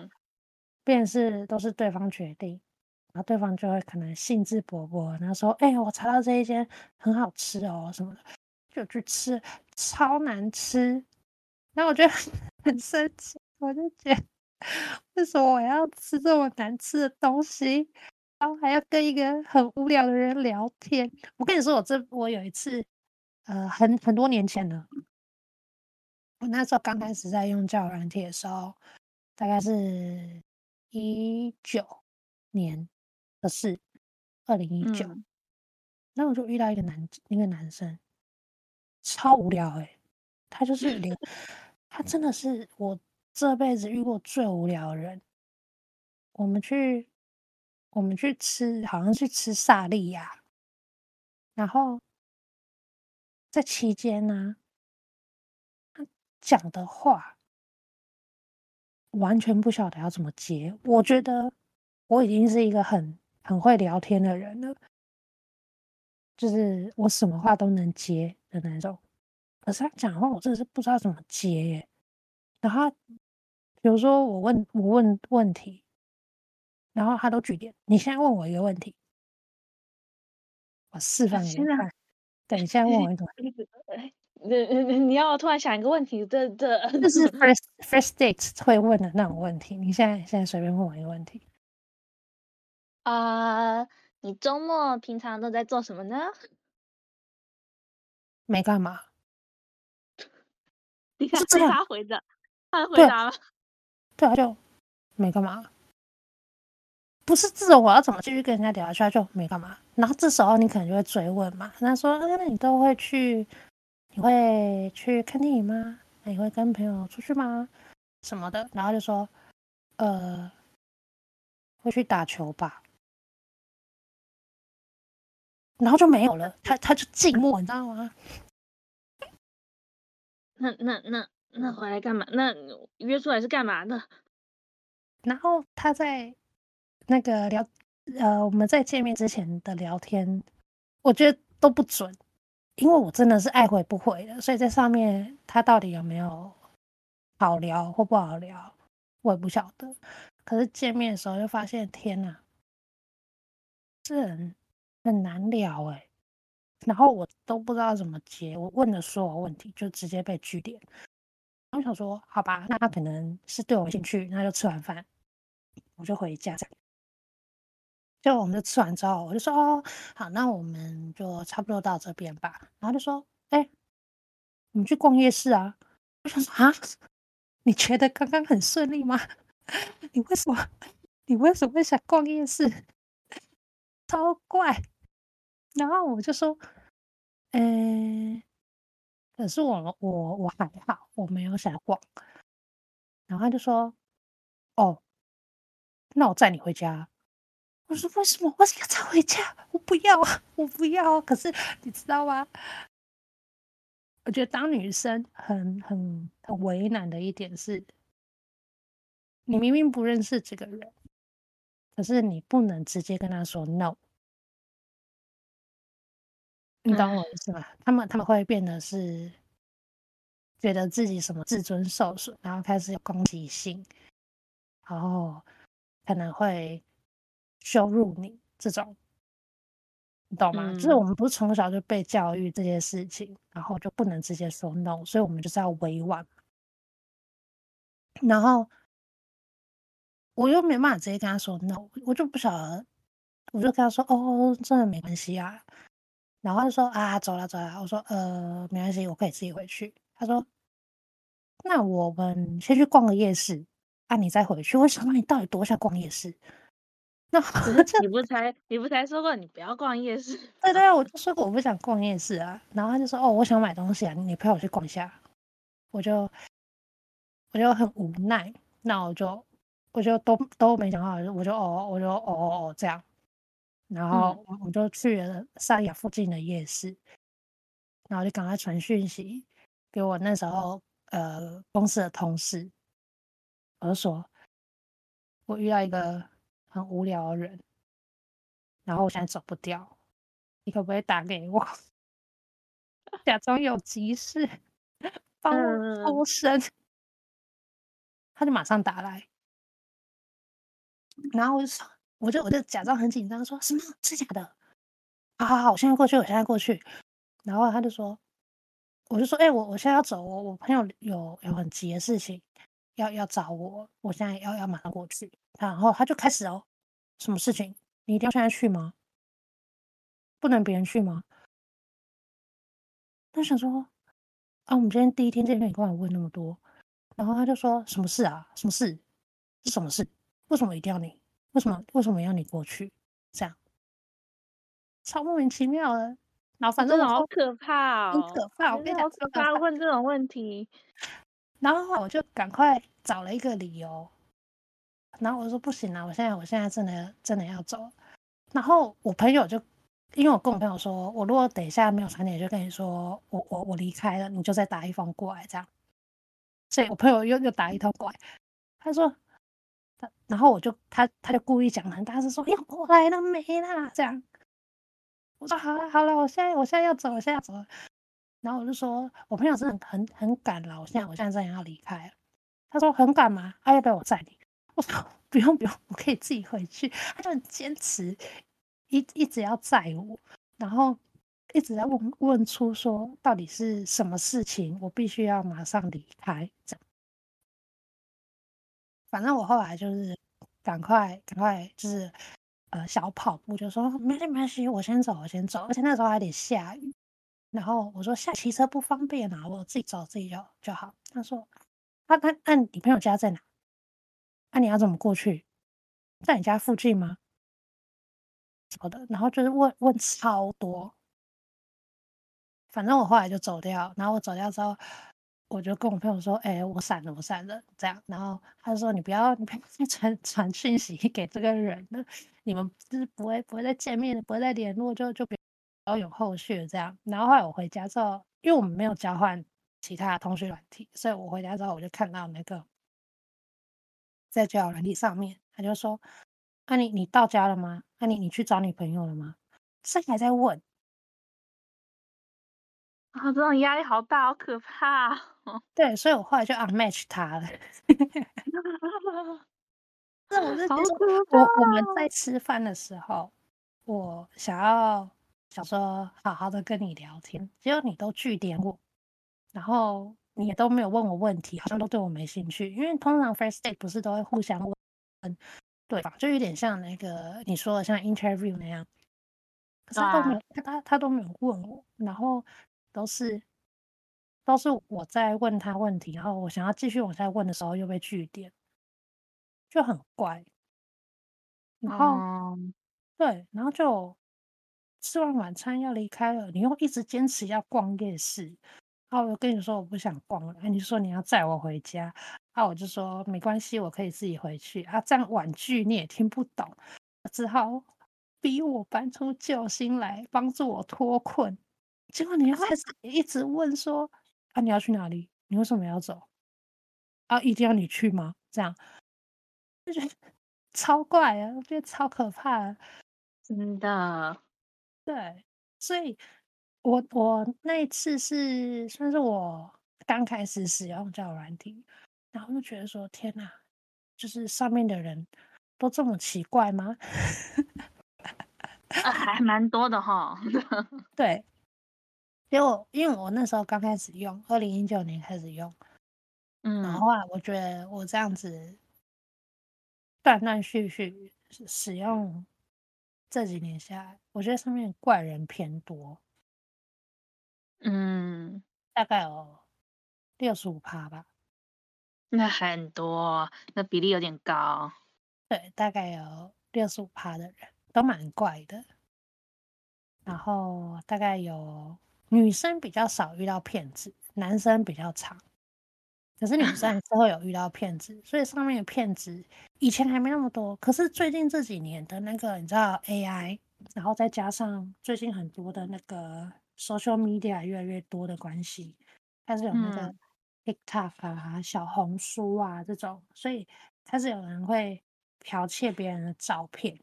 便是都是對方決定，嗯、然後對方就會可能興致勃勃，然後說：“欸，我查到這一間很好吃哦，什麼的。”就去吃，超難吃，然後我覺得很生氣，我就覺得為什麼我要吃這麼難吃的東西，然後還要跟一個很無聊的人聊天。我跟你說，我這我有一次，呃，很很多年前了，我那時候剛開始在用交友軟體的時候，大概是一九年的事，二零一九，嗯、那我就遇到一個男一個男生。超無聊哎、欸，他就是零， 他真的是我這輩子遇過最無聊的人。我們去我們去吃，好像去吃薩莉亞，然後在期間，呢，他講的話完全不曉得要怎麼接。我覺得我已經是一個很很會聊天的人了，就是我什麼話都能接。的那種，可是他講話，我真的是不知道怎麼接耶。然後，比如說我問我問問題，然後他都舉例。你現在問我一個問題，我示範給你看。現在，對，你現在問我一種，你 你要突然想一個問題的的，這是 first first date 會問的那種問題。你現在現在隨便問我一個問題。啊，uh, 你周末平常都在做什麼呢？沒幹嘛，你是看被他回的，他回答了，對，他就沒幹嘛，不是這種我要怎麼繼續跟人家聊下去，他就沒幹嘛。然後這時候你可能就會追問嘛，那他說、啊，那你都會去，你會去看電影嗎？你會跟朋友出去嗎？什麼的，然後就說，呃，會去打球吧。然後就沒有了，他他就寂寞，你知道嗎？那那那那回來幹嘛？那約出來是幹嘛的？然後他在那個聊，呃，我們在見面之前的聊天，我覺得都不準，因為我真的是愛回不回的，所以在上面他到底有沒有好聊或不好聊，我也不曉得。可是見面的時候就發現，天吶，啊，這人。很難聊哎、欸，然後我都不知道怎麼接，我問了所有問題就直接被句點。然後我想說，好吧，那他可能是對我有興趣，那就吃完飯我就回家。這就我們就吃完之後，我就說，哦，好，那我們就差不多到這邊吧。然後就說，哎、欸，你去逛夜市啊！我想說啊，你覺得剛剛很順利嗎？你為什麼你為什麼會想逛夜市？超怪！然後我就說，嗯、欸，可是我我我還好，我沒有想逛。然後他就說，哦，那我載你回家。我說，為什麼？為什麼要載回家？我不要啊，我不要啊。可是你知道嗎？我覺得當女生很很很為難的一點是，你明明不認識這個人，可是你不能直接跟他說 no。你懂我意思吧？Mm. 他們他們會變得是覺得自己什麼自尊受損，然後開始有攻擊性，然後可能會羞辱你這種，你懂嗎？Mm. 就是我們不是從小就被教育這些事情，然後就不能直接說 no，所以我們就是要委婉。然後我又沒辦法直接跟他說 no，我就不曉得，我就跟他說：“哦，真的沒關係啊。”然後他就說啊，走了走了。我說呃，沒關係，我可以自己回去。他說，那我們先去逛個夜市啊，你再回去。我想問你到底多想逛夜市？那你不才你不才說過你不要逛夜市？對對啊，我就說過我不想逛夜市啊。然後他就說哦，我想買東西啊，你陪我去逛一下。我就我就很無奈，那我就我就都都沒想到，我就哦我就哦哦，哦這樣。然後我就去了三亞附近的夜市，嗯、然後我就趕快傳訊息給我那時候呃公司的同事，我就說，我遇到一個很無聊的人，然後我現在走不掉，你可不可以打給我，假裝有急事幫我脫身？我嗯、他就馬上打來，然後我就說。我就我就假裝很緊張，說什麼？是假的？好，好，好，我現在過去，我現在過去。然後他就說，我就說，哎、欸，我我現在要走，我我朋友有有很急的事情要要找我，我現在要要馬上過去。然後他就開始哦，什麼事情？你一定要現在去嗎？不能別人去嗎？他想說，啊，我們今天第一天見面，你干嘛問那麼多？然後他就說，什麼事啊？什麼事？是什麼事？為什麼一定要你？為什麼為什麼要你過去？這樣超莫名其妙的，然後反正好，好可、怕、哦、可怕，很可怕。我跟你講，不要問這種問題。然後我就趕快找了一個理由，然後我就說不行了、啊，我現在我現在真的真的要走。然後我朋友就因為我跟我朋友說，我如果等一下沒有傳你，就跟你說我我我離開了，你就再打一通過來，這樣。所以我朋友又又打一通過來，他說。他，然後我就他，他就故意講很大聲說：“要、欸、過來了沒啦？”這樣，我說：“好了好了，我現在我現在要走，我現在要走。”然後我就說：“我朋友真的很很趕了，我現在我現在正要離開了。”他說：“很趕嗎？他、啊、要不要我載你？”我說：“不用不用，我可以自己回去。”他就很堅持，一一直要載我，然後一直在問問出說到底是什麼事情，我必須要馬上離開。這樣。反正我後來就是趕快，趕快趕快就是，呃，小跑步就說沒事沒事，我先走我先走。而且那時候還得下雨，然後我說下騎車不方便吶，然後我自己走自己就就好。他說，那那那你朋友家在哪？那、啊、你要怎麼過去？在你家附近嗎？什麼的，然後就是問問超多。反正我後來就走掉，然後我走掉之後。我就跟我朋友說，哎，我閃了，我閃了，這樣。然後他說，你不要，你不要傳傳訊息給這個人，那你們就是不會不會再見面，不會再聯絡，就就不要有後續這樣。然後後來我回家之後，因為我們沒有交換其他通訊軟體，所以我回家之後我就看到那個在交友軟體上面，他就說，啊你，你到家了嗎？啊你，你去找你朋友了嗎？這還在問。啊、哦，這種壓力好大，好可怕哦！對，所以我後來就 unmatch 他了。 哦、我我我，我們在吃飯的時候，我想要想說好好的跟你聊天，結果你都句點我，然後你也都沒有問我問題，好像都對我沒興趣。因為通常 first date 不是都會互相問對方，就有點像那個你說的像 interview 那樣，可是都沒有、啊、他他他都沒有問我，然後。都是都是我在問他問題，然後我想要繼續往下問的時候又被句點，就很怪。然後、嗯、對，然後就吃完晚餐要離開了，你又一直堅持要逛夜市。然後我就跟你說我不想逛了。後、啊、你就說你要載我回家，後、啊、我就說沒關係，我可以自己回去。啊，這樣婉拒你也聽不懂，只好逼我搬出救星來幫助我脫困。結果你又開始一直問說：“啊，啊，你要去哪裡？你為什麼要走？啊，一定要你去嗎？”這樣就覺得超怪啊，我覺得超可怕、啊，真的。對，所以我我那一次是算是我剛開始使用交友軟體，然後就覺得說：“天哪、啊，就是上面的人都這麼奇怪嗎？” 啊、還蠻多的哈、哦， 對。因為我因為我那時候剛開始用，二零一九年開始用，嗯，然後啊，我覺得我這樣子斷斷續續使用這幾年下來，我覺得上面怪人偏多，嗯，大概有六十五趴吧，那很多，那比例有點高，對，大概有六十五趴的人都蠻怪的，然後大概有。女生比較少遇到騙子，男生比較常，可是女生還是會有遇到騙子， 所以上面的騙子以前還沒那麼多，可是最近這幾年的那個你知道 AI，然後再加上最近很多的那個 social media 越來越多的關係，開始有那個 TikTok 啊、嗯、啊、小紅書啊這種，所以開始有人會剽竊別人的照片，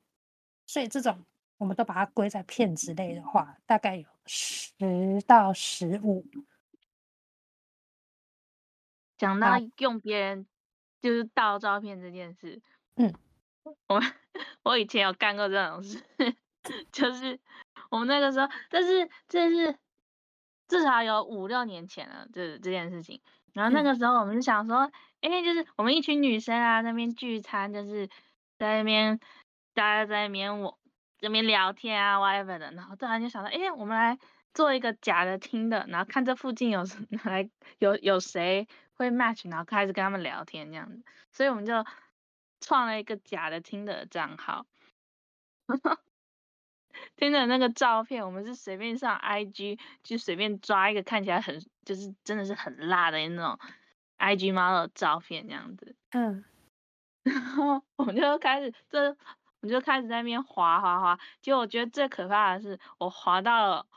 所以這種。我們都把它歸在片子類的話，大概有十到十五。講到用別人、啊、就是盜照片這件事，嗯，我我以前有幹過這種事，就是我們那個時候，但是這是至少有五六年前了，這、就是、這件事情。然後那個時候我們想說，為、嗯欸、就是我們一群女生啊，那邊聚餐，就是在那邊大家在那邊我。跟別人聊天啊，whatever 的，然後突然就想到，哎，我們來做一個假的聽的，然後看這附近有誰哪來有有誰會 match，然後開始跟他們聊天這樣子，所以我們就創了一個假的聽的賬號， 聽着那個照片我們是隨便上 IG 就隨便抓一個看起來很就是真的是很辣的那種 IG model 照片這樣子，嗯，然後我們就開始這。我就開始在那邊滑滑滑，結果我覺得最可怕的是我滑到了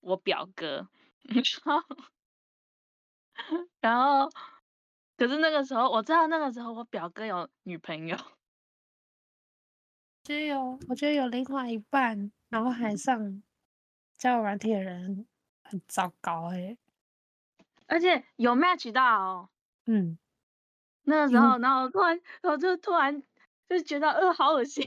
我表哥，你知道， 然後，可是那個時候我知道那個時候我表哥有女朋友，只有我覺得有另外一半，然後海上教我玩鐵人很糟糕哎、欸，而且有 match 到、哦，嗯，那個時候、嗯、然後突然我就突然就覺得呃、欸、好噁心。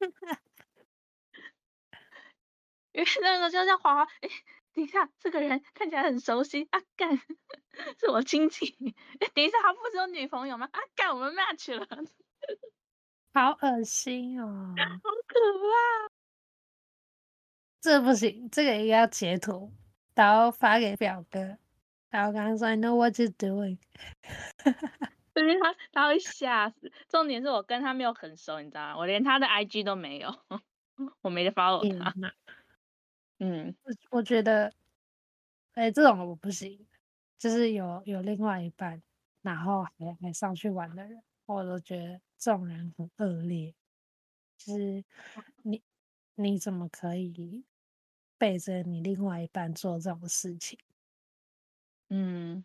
因為 那個就像花花，哎、欸，等一下，這個人看起來很熟悉，阿、啊、幹是我親戚。哎、欸，等一下，他不是有女朋友嗎？阿、啊、幹我們 match 了，好噁心哦，好可怕，這不行，這個也要截圖，然後發給表哥。然後剛才說 I know what you're doing。 因為他，他會嚇死。重點是我跟他沒有很熟，你知道嗎？我連他的 IG 都沒有，我沒得 follow 他。嗯，嗯，我，我覺得，誒，欸，這種我不行。就是有有另外一半，然後還還上去玩的人，我都覺得這種人很惡劣。就是你你怎麼可以背着你另外一半做這種事情？嗯。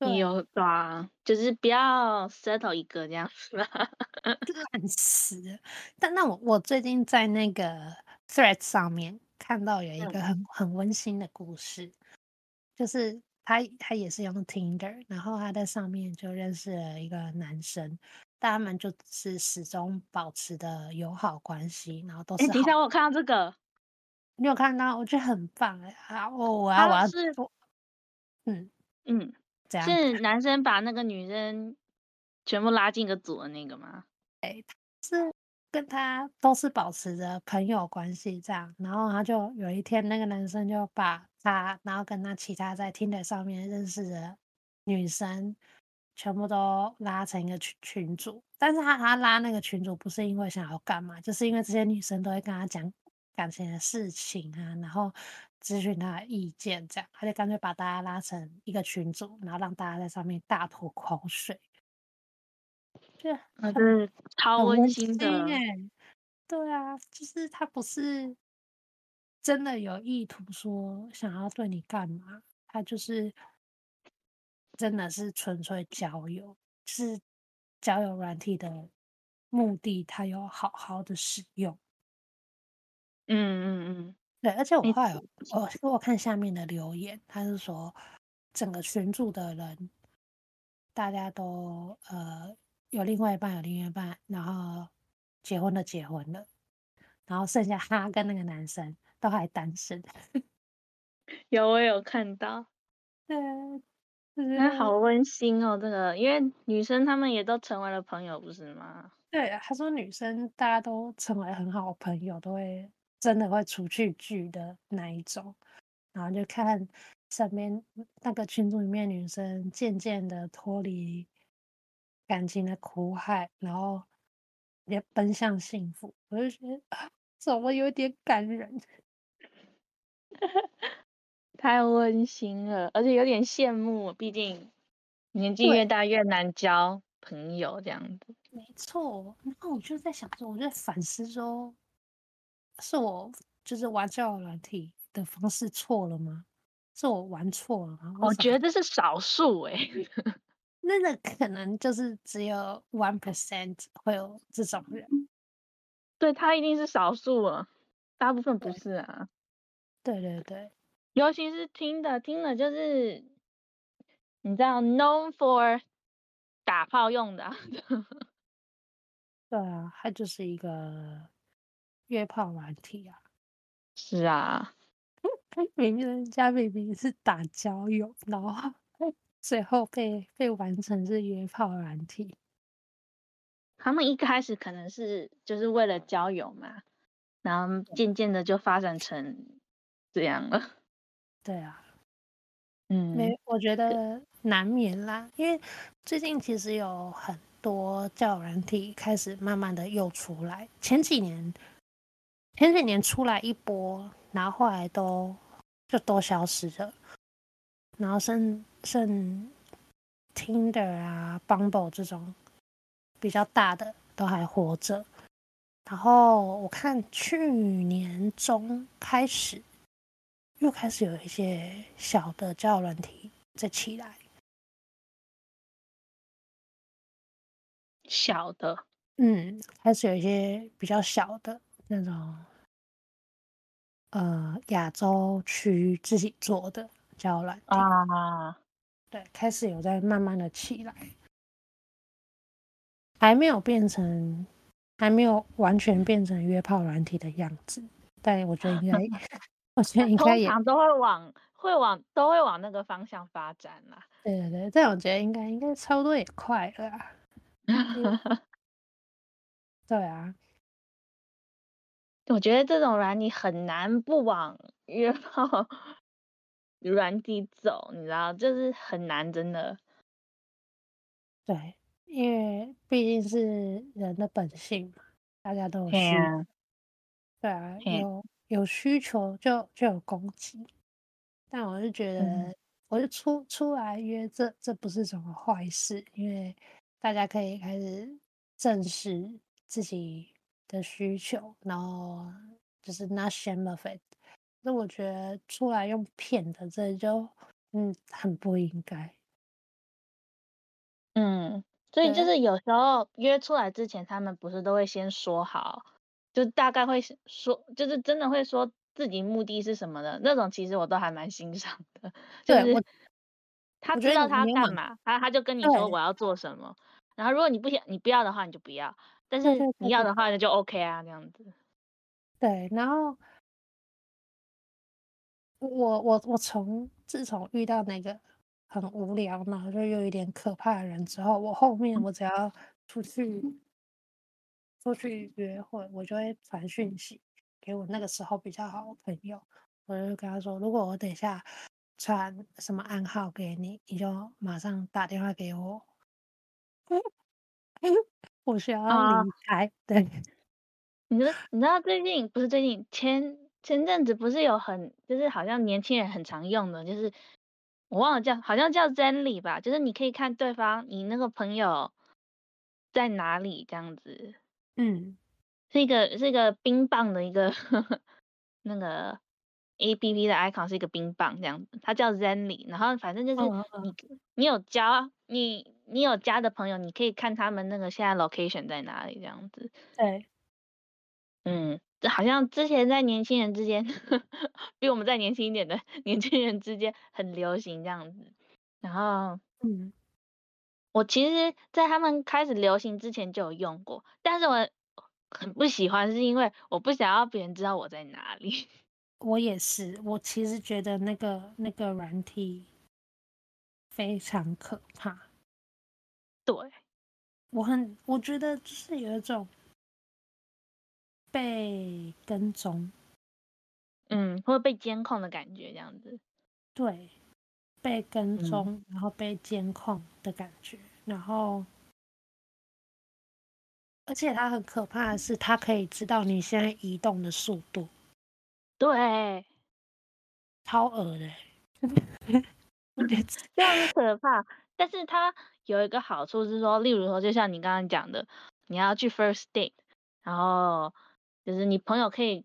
你有抓，對就是不要 settle 一個這樣子，很 死。但那我我最近在那個 thread 上面看到有一個很、嗯、很溫馨的故事，就是他他也是用 Tinder，然後他在上面就認識了一個男生，他們就是始終保持的友好關係，然後都是。哎、欸，你有看到這個？你有看到？我覺得很棒哎、欸！啊，我啊是我要、啊、我、啊，嗯嗯。嗯是男生把那個女生全部拉進個組的那個嗎？哎，他是跟他都是保持着朋友關係這樣，然後他就有一天那個男生就把他，然後跟他其他在 t 台上面認識的女生全部都拉成一個群群組，但是他他拉那個群組不是因為想要幹嘛，就是因為這些女生都會跟他講感情的事情啊，然後。諮詢他的意見，這樣他就乾脆把大家拉成一個群組，然後讓大家在上面大吐口水。這、啊，嗯就，超溫馨的，對啊，就是他不是真的有意圖說想要對你干嘛，他就是真的是純粹交友，就是交友軟體的目的，他有好好的使用。嗯嗯嗯。嗯嗯對，而且我後來、欸、我，我看下面的留言，他是說整個群組的人，大家都呃有另外一半，有另外一半，然後結婚的結婚了，然後剩下他跟那個男生都還單身。有我有看到，對，是好溫馨哦。這個因為女生他們也都成為了朋友，不是嗎？對，他說女生大家都成為很好的朋友，都會。真的會出去聚的那一種，然後就看上面那個群組裡面女生漸漸的脫離感情的苦海，然後也奔向幸福。我就覺得怎麼有點感人，太溫馨了，而且有點羨慕。畢竟年紀越大越難交朋友這樣子。沒錯，然後我就在想說，我就在反思說。是我就是玩交友軟體的方式錯了嗎？是我玩錯了嗎？我覺得是少數誒、欸。 那個可能就是只有 one percent 會有這種人，對，他一定是少數啊，大部分不是啊。對，對對對，尤其是聽的聽的，就是你知道 known for 打炮用的。 對啊，他就是一個。約炮軟體啊，是啊，明明人家明明是打交友，然後最後被被玩成是約炮軟體他們一開始可能是就是為了交友嘛，然後漸漸的就發展成這樣了。對，對啊，嗯，沒，我覺得難免啦，對因為最近其實有很多交友軟體開始慢慢的又出來，前幾年。前幾年出來一波，然後後來都就都消失了。然後剩剩 Tinder 啊、Bumble 這種比較大的都還活着。然後我看去年中開始又開始有一些小的交友軟體在起來。小的，嗯，開始有一些比較小的。那種，呃，亞洲區自己做的交友軟體啊，對，開始有在慢慢的起來，還沒有變成，還沒有完全變成約炮軟體的樣子，但我覺得應該， 我覺得應該也、啊、都會往會往都會往那個方向發展啦。對對對，但我覺得應該應該差不多也快了，啊。 對啊。我覺得這種軟你很難不往約炮軟體走，你知道，就是很難，真的。對，因為畢竟是人的本性，大家都是，對啊。對啊對，有有需求就就有供給，但我是覺得，嗯、我是出出來約這這不是什麼壞事，因為大家可以開始正視自己的需求，然後就是那些目的，所以我覺得出來用騙的這就嗯很不應該。嗯，所以就是有時候約出來之前，他們不是都會先說好，就大概會說，就是真的會說自己目的是什麼的那種，其實我都還蠻欣賞的。就是、對，我他知道他,他幹嘛，嘛他他就跟你說我要做什麼，對然後如果你不想你不要的話，你就不要。但是你要的話，那就 OK 啊，這樣子。對，然後我我我從自從遇到那個很無聊，然後就有一點可怕的人之後，我後面我只要出去出去約會，我就會傳訊息給我那個時候比較好的朋友，我就跟他說，如果我等一下傳什麼暗號給你，你就馬上打電話給我。 我是要離開，哦、對。你說、就是，你知道最近不是最近前前陣子不是有很就是好像年輕人很常用的，就是我忘了叫，好像叫 z n 理吧，就是你可以看對方你那個朋友在哪裡這樣子。嗯是，是一個是一個冰棒的一個 那個 A P P 的 icon 是一個冰棒這樣子，它叫 z n 理，然後反正就是哦哦你你有交、啊、你。你有加的朋友，你可以看他們那個現在 location 在哪裡，這樣子。對，嗯，好像之前在年輕人之間，比我們再年輕一點的年輕人之間很流行這樣子。然後，嗯，我其實，在他們開始流行之前就有用過，但是我很不喜歡，是因為我不想要別人知道我在哪裡。我也是，我其實覺得那個那個軟體非常可怕。對，我很我覺得就是有一種被跟蹤，嗯，或被監控的感覺，這樣子。對，被跟蹤、嗯、然後被監控的感覺，然後而且它很可怕的是，它可以知道你現在移動的速度。對，超惡噁的， 這樣就很可怕。 但是它。有一個好處是說，例如說，就像你剛剛講的，你要去 first date，然後就是你朋友可以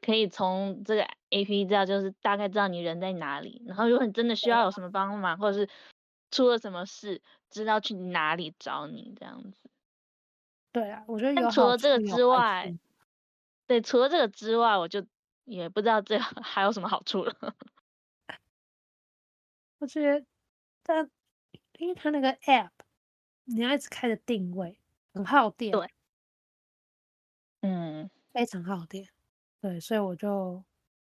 可以從這個 A P P 知道，就是大概知道你人在哪裡，然後如果你真的需要有什麼幫忙，啊、或者是出了什麼事，知道去哪裡找你這樣子。對啊，我覺得除了這個之外，對，除了這個之外，我就也不知道這還有什麼好處了。 我覺得，但。因為它那個 app，你要一直開着定位，很耗電。對。嗯，非常耗電。對，所以我就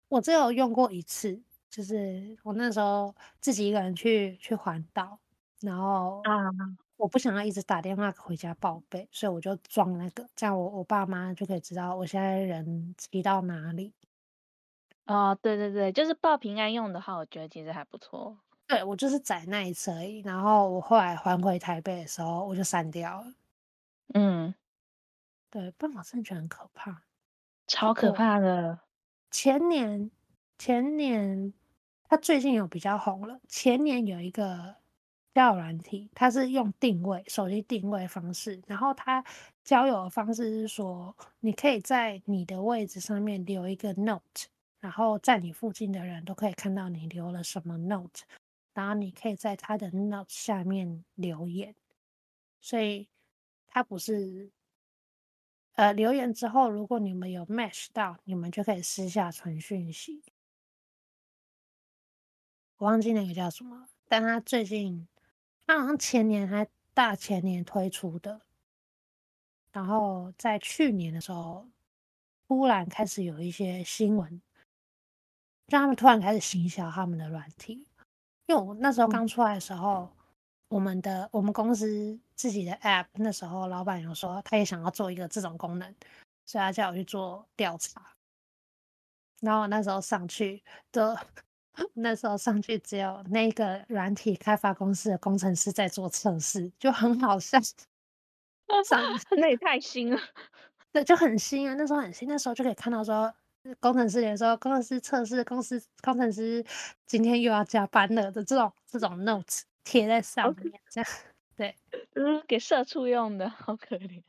我只有用過一次，就是我那時候自己一個人去去環島，然後啊、嗯，我不想要一直打電話回家報備，所以我就裝那個，這樣我我爸媽就可以知道我現在人移到哪裡。哦，對對對，就是報平安用的話，我覺得其實還不錯。對我就是載那一次而已，然後我後來還回台北的時候，我就刪掉了。嗯，對，不然我真的覺得很可怕，超可怕的。前年，前年他最近有比較紅了。前年有一個交友軟體，他是用定位，手機定位方式，然後他交友的方式是說，你可以在你的位置上面留一個 note，然後在你附近的人都可以看到你留了什麼 note。然後你可以在他的 notes 下面留言，所以他不是呃留言之後，如果你們有 match 到，你們就可以私下傳訊息。我忘記那個叫什麼，但他最近他好像前年還大前年推出的，然後在去年的時候突然開始有一些新聞，讓他們突然開始行銷他們的軟體。因為我那時候剛出來的時候，我們的我們公司自己的 App 那時候老闆有說他也想要做一個這種功能，所以他叫我去做調查。然後我那時候上去的，那時候上去只有那個軟體開發公司的工程師在做測試，就很好笑。上那，那也太新了，對，就很新啊，那時候很新，那時候就可以看到說。工程師也說，工程師測試，公司工程師今天又要加班了的這種這種 notes 貼在上面，Okay. 這樣對，嗯，給社畜用的，好可憐。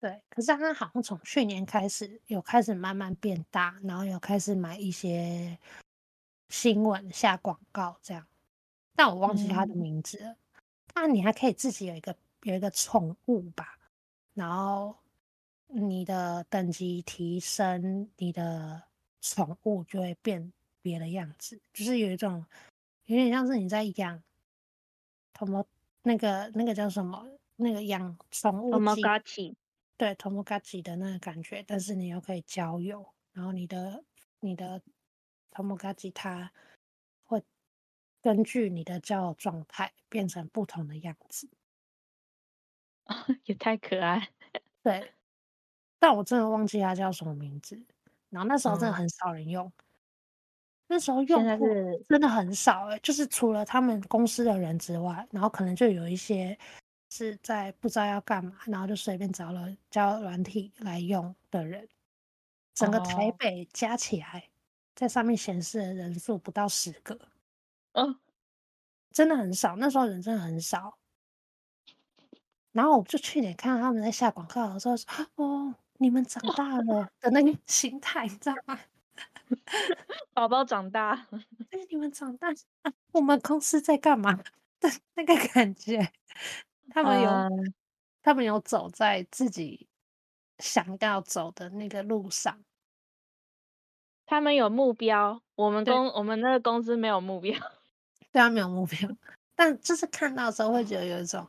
對，可是他好像從去年開始有開始慢慢變大，然後有開始買一些新聞下廣告這樣，但我忘記他的名字了。當然、嗯、你還可以自己有一個有一個寵物吧，然後。你的等級提升，你的寵物就會變別的樣子，就是有一種有點像是你在養，湯姆那個那個叫什麼那個養寵物，湯姆加吉，對，湯姆加吉的那個感覺，但是你又可以交友，然後你的你的湯姆加吉它會根據你的交友狀態變成不同的樣子，哦，也太可愛，對。但我真的忘記他叫什麼名字。然後那時候真的很少人用，嗯、那時候用過真的很少、欸、是就是除了他們公司的人之外，然後可能就有一些是在不知道要幹嘛，然後就隨便找了家軟體來用的人。整個台北加起來，哦、在上面顯示的人數不到十個，哦、真的很少。那時候人真的很少。然後我就去年看到他們在下廣告的時候說，哦。你們長大了的那個心態，你知道嗎？寶寶長大，哎、欸，你們長大，我們公司在幹嘛？那那個感覺，他們有，哦、他們有走在自己想要走的那個路上，他們有目標。我們公，對我們那個公司沒有目標，對啊，他沒有目標。但就是看到的時候會覺得有一種，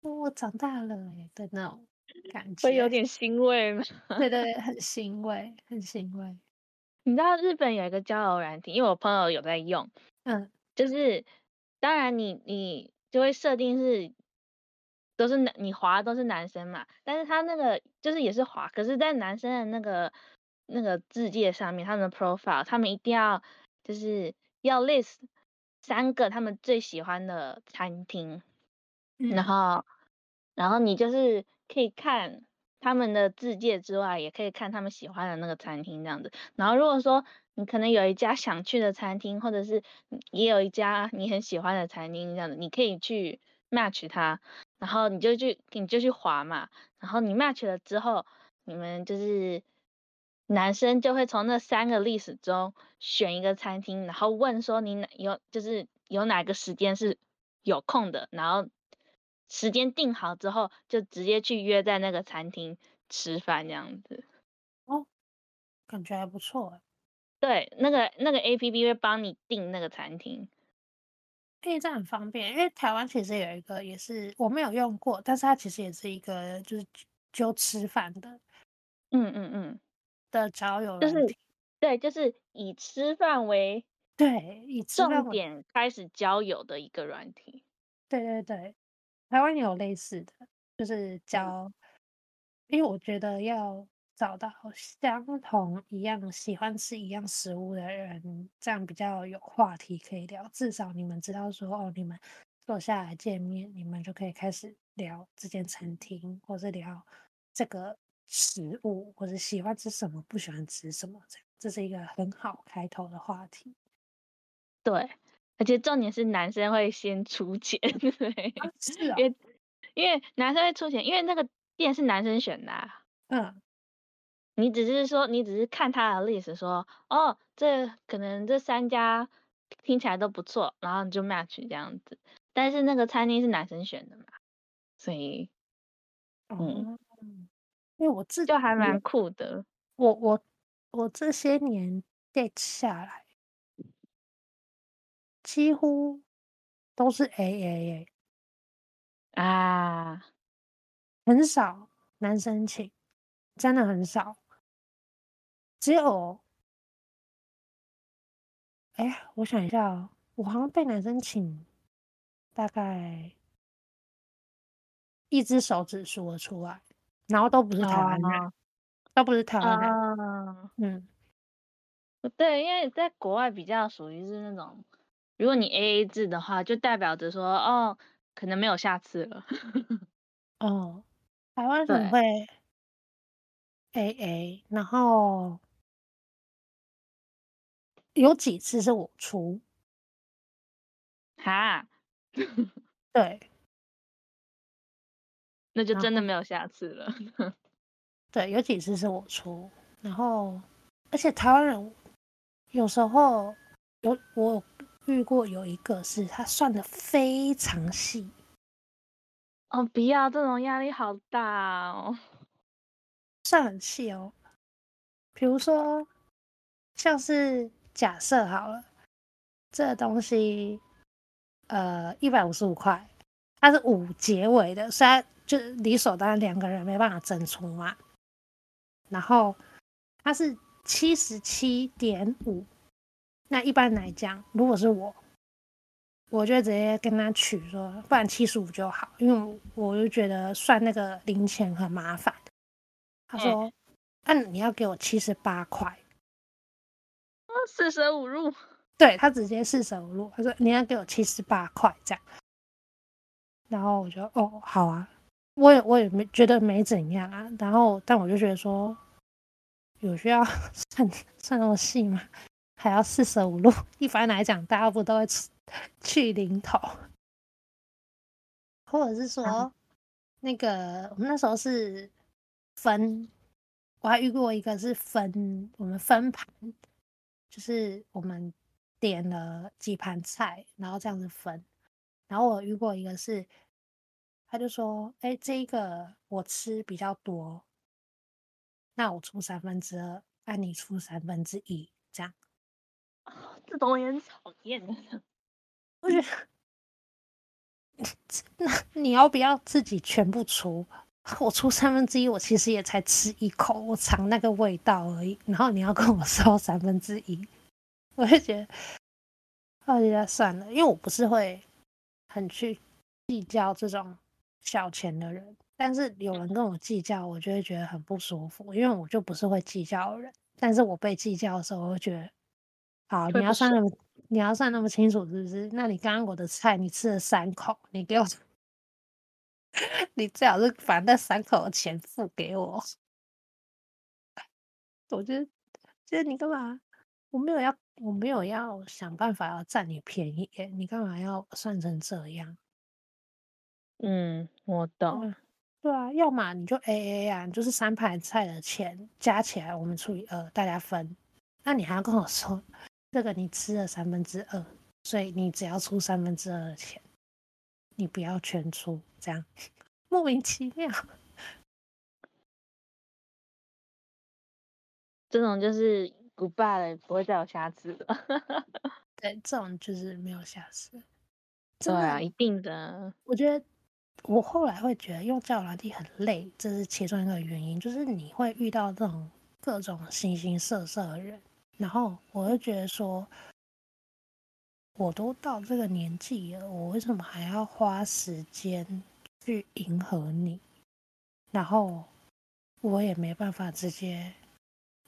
哦、我長大了耶的那種。感覺會有點欣慰嗎？對對，很欣慰，很欣慰。你知道日本有一個交友軟體，因為我朋友有在用，嗯，就是當然你你就會設定是都是男，你滑的都是男生嘛，但是他那個就是也是滑，可是，在男生的那個那個世界上面，他們的 profile，他們一定要就是要 list 三個他們最喜歡的餐廳，嗯、然後然後你就是。可以看他們的自介之外，也可以看他們喜歡的那個餐廳這樣子。然後如果說你可能有一家想去的餐廳，或者是也有一家你很喜歡的餐廳這樣子，你可以去 match 它，然後你就去你就去滑嘛。然後你 match 了之後，你們就是男生就會從那三個 list 中選一個餐廳，然後問說你哪有就是有哪個時間是有空的，然後。時間定好之後，就直接去約在那個餐廳吃飯這樣子。哦，感覺還不錯。對，那個那個 APP 會幫你訂那個餐廳，可以，這很方便。因為台灣其實有一個，也是我沒有用過，但是它其實也是一個就是就吃飯的。嗯嗯嗯。的交友就是，對，就是以吃飯為對以重點開始交友的一個軟體。對對,對對對。台灣有類似的，就是叫，因為我覺得要找到相同一樣喜歡吃一樣食物的人，這樣比較有話題可以聊。至少你們知道說，哦，你們坐下來見面，你們就可以開始聊這間餐廳，或是聊這個食物，或者喜歡吃什麼，不喜歡吃什麼，這這是一個很好開頭的話題。對。我且重點是男生會先出錢，對，啊是啊因，因為男生會出錢，因為那個店是男生選的、啊，嗯，你只是說你只是看他的歷史說，說哦，這可能這三家聽起來都不錯，然後你就賣去這樣子，但是那個餐廳是男生選的嘛，所以，嗯，因為我這就還蠻酷的，我我我這些年 date 下來。幾乎都是 A A A 啊，很少男生請，真的很少。只有哎、欸，我想一下哦，我好像被男生請，大概一只手指數了出來，然後都不是台灣男，啊、都不是台灣男。啊、嗯，對，因為在國外比較屬於是那種。如果你 A A 制的話，就代表着說，哦，可能沒有下次了。 哦，台灣人會 A A？然後有幾次是我出哈， 對，那就真的沒有下次了。對，有幾次是我出，然後而且台灣人有時候有我。遇過有一個是他算的非常細哦，不要這種壓力好大哦，算很細哦。比如說，像是假設好了，這東西，呃，一百五十五塊，它是五結尾的，雖然就理所當然兩個人沒辦法整除嘛。然後它是七十七點五。那一般來講，如果是我，我就直接跟他取說，不然七十五就好，因為我就覺得算那個零錢很麻煩。他說：“那、嗯啊、你要給我七十八塊。”四舍五入，對他直接四舍五入，他說你要給我七十八塊這樣。然後我就哦，好啊，我也我也沒覺得沒怎樣啊。然後但我就覺得說，有需要算算那麼細嗎？還要四舍五入。一般來講，大家不都會吃去零頭，或者是說，嗯、那個我們那時候是分，我還遇過一個是分，我們分盤，就是我們點了幾盤菜，然後這樣子分。然後我遇過一個是，他就說：“哎、欸，這個我吃比較多，那我出三分之二，按你出三分之一，這樣。”這東西很討厭的，我覺得，那你，你要不要自己全部出？我出三分之一，我其實也才吃一口，我嚐那個味道而已。然後你要跟我收三分之一，我就覺得，哎呀算了，因為我不是會很去計較這種小錢的人。但是有人跟我計較，我就會覺得很不舒服，因為我就不是會計較的人。但是我被計較的時候，我會覺得。好，你要算那麼，你要算那麼清楚是不是？那你剛剛我的菜你吃了三口，你給我， 你最好是把那三口的錢付給我。我覺得，覺得你幹嘛？我沒有要，我沒有要想辦法要占你便宜耶。你幹嘛要算成這樣？嗯，我懂。嗯、對啊，要麼你就 A A 啊，你就是三盤菜的錢加起來，我們除以二，大家分。那你還要跟我說？這個你吃了三分之二，所以你只要出三分之二的錢，你不要全出，這樣莫名其妙。這種就是 goodbye，不會再有瑕疵的。 對，這種就是沒有瑕疵。真的，對啊，一定的。我覺得我後來會覺得用交友軟體很累，這是其中一個原因，就是你會遇到這種各種形形色色的人。然後我就覺得說，我都到這個年紀了，我為什麼還要花時間去迎合你？然後我也沒辦法直接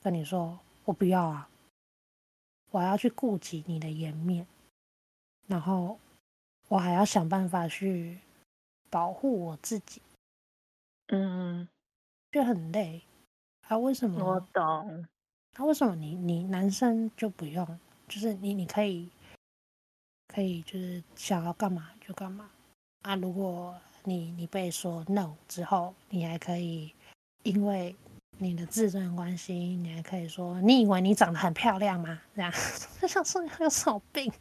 跟你說我不要啊，我要去顧及你的顏面，然後我還要想辦法去保護我自己，嗯，就很累。他、啊、為什麼？我懂。那、啊、為什麼你你男生就不用？就是你你可以，可以就是想要幹嘛就幹嘛啊！如果你你被說 no 之後，你還可以，因為你的自尊關係，你還可以說：你以為你長得很漂亮嗎？這樣，這樣說你有什麼病？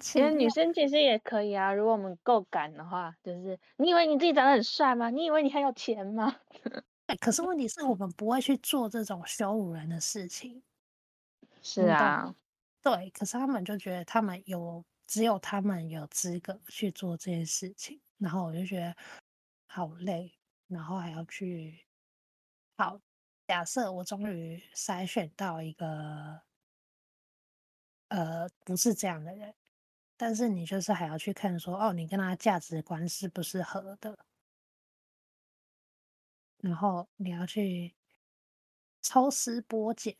其實女生其實也可以啊，如果我們夠敢的話，就是你以為你自己長得很帥嗎？你以為你很有錢嗎？ 可是問題是我們不會去做這種羞辱人的事情，是啊、嗯，對。可是他們就覺得他們有，只有他們有資格去做這些事情。然後我就覺得好累，然後還要去，好，假設我終於篩選到一個，呃，不是這樣的人，但是你就是還要去看說哦，你跟他價值觀是不是合的。然後你要去抽絲剝繭，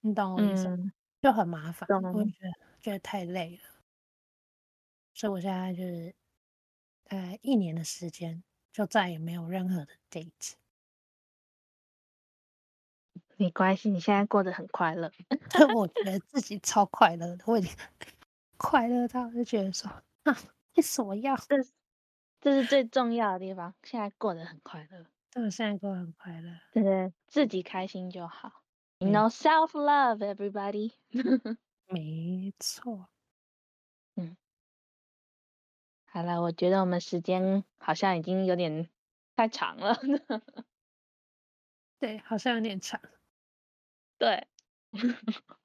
你懂我意思嗎？嗯、就很麻煩，懂我覺得我覺得太累了，所以我現在就是，呃，一年的時間就再也沒有任何的 date。沒關係，你現在過得很快樂， 我覺得自己超快樂的，我已經快樂到就覺得說啊，為什麼要？嗯這是最重要的地方。現在過得很快樂，我、嗯、現在過得很快樂。對，自己開心就好。You know 沒 self love, everybody。沒錯。嗯，好了，我覺得我們時間好像已經有點太長了。 對，好像有點長。對。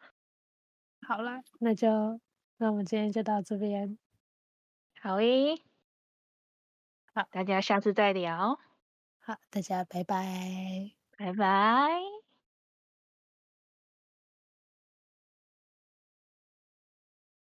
好了，那就，那我們今天就到這邊。好誒。好，大家下次再聊。好，大家拜拜，拜拜。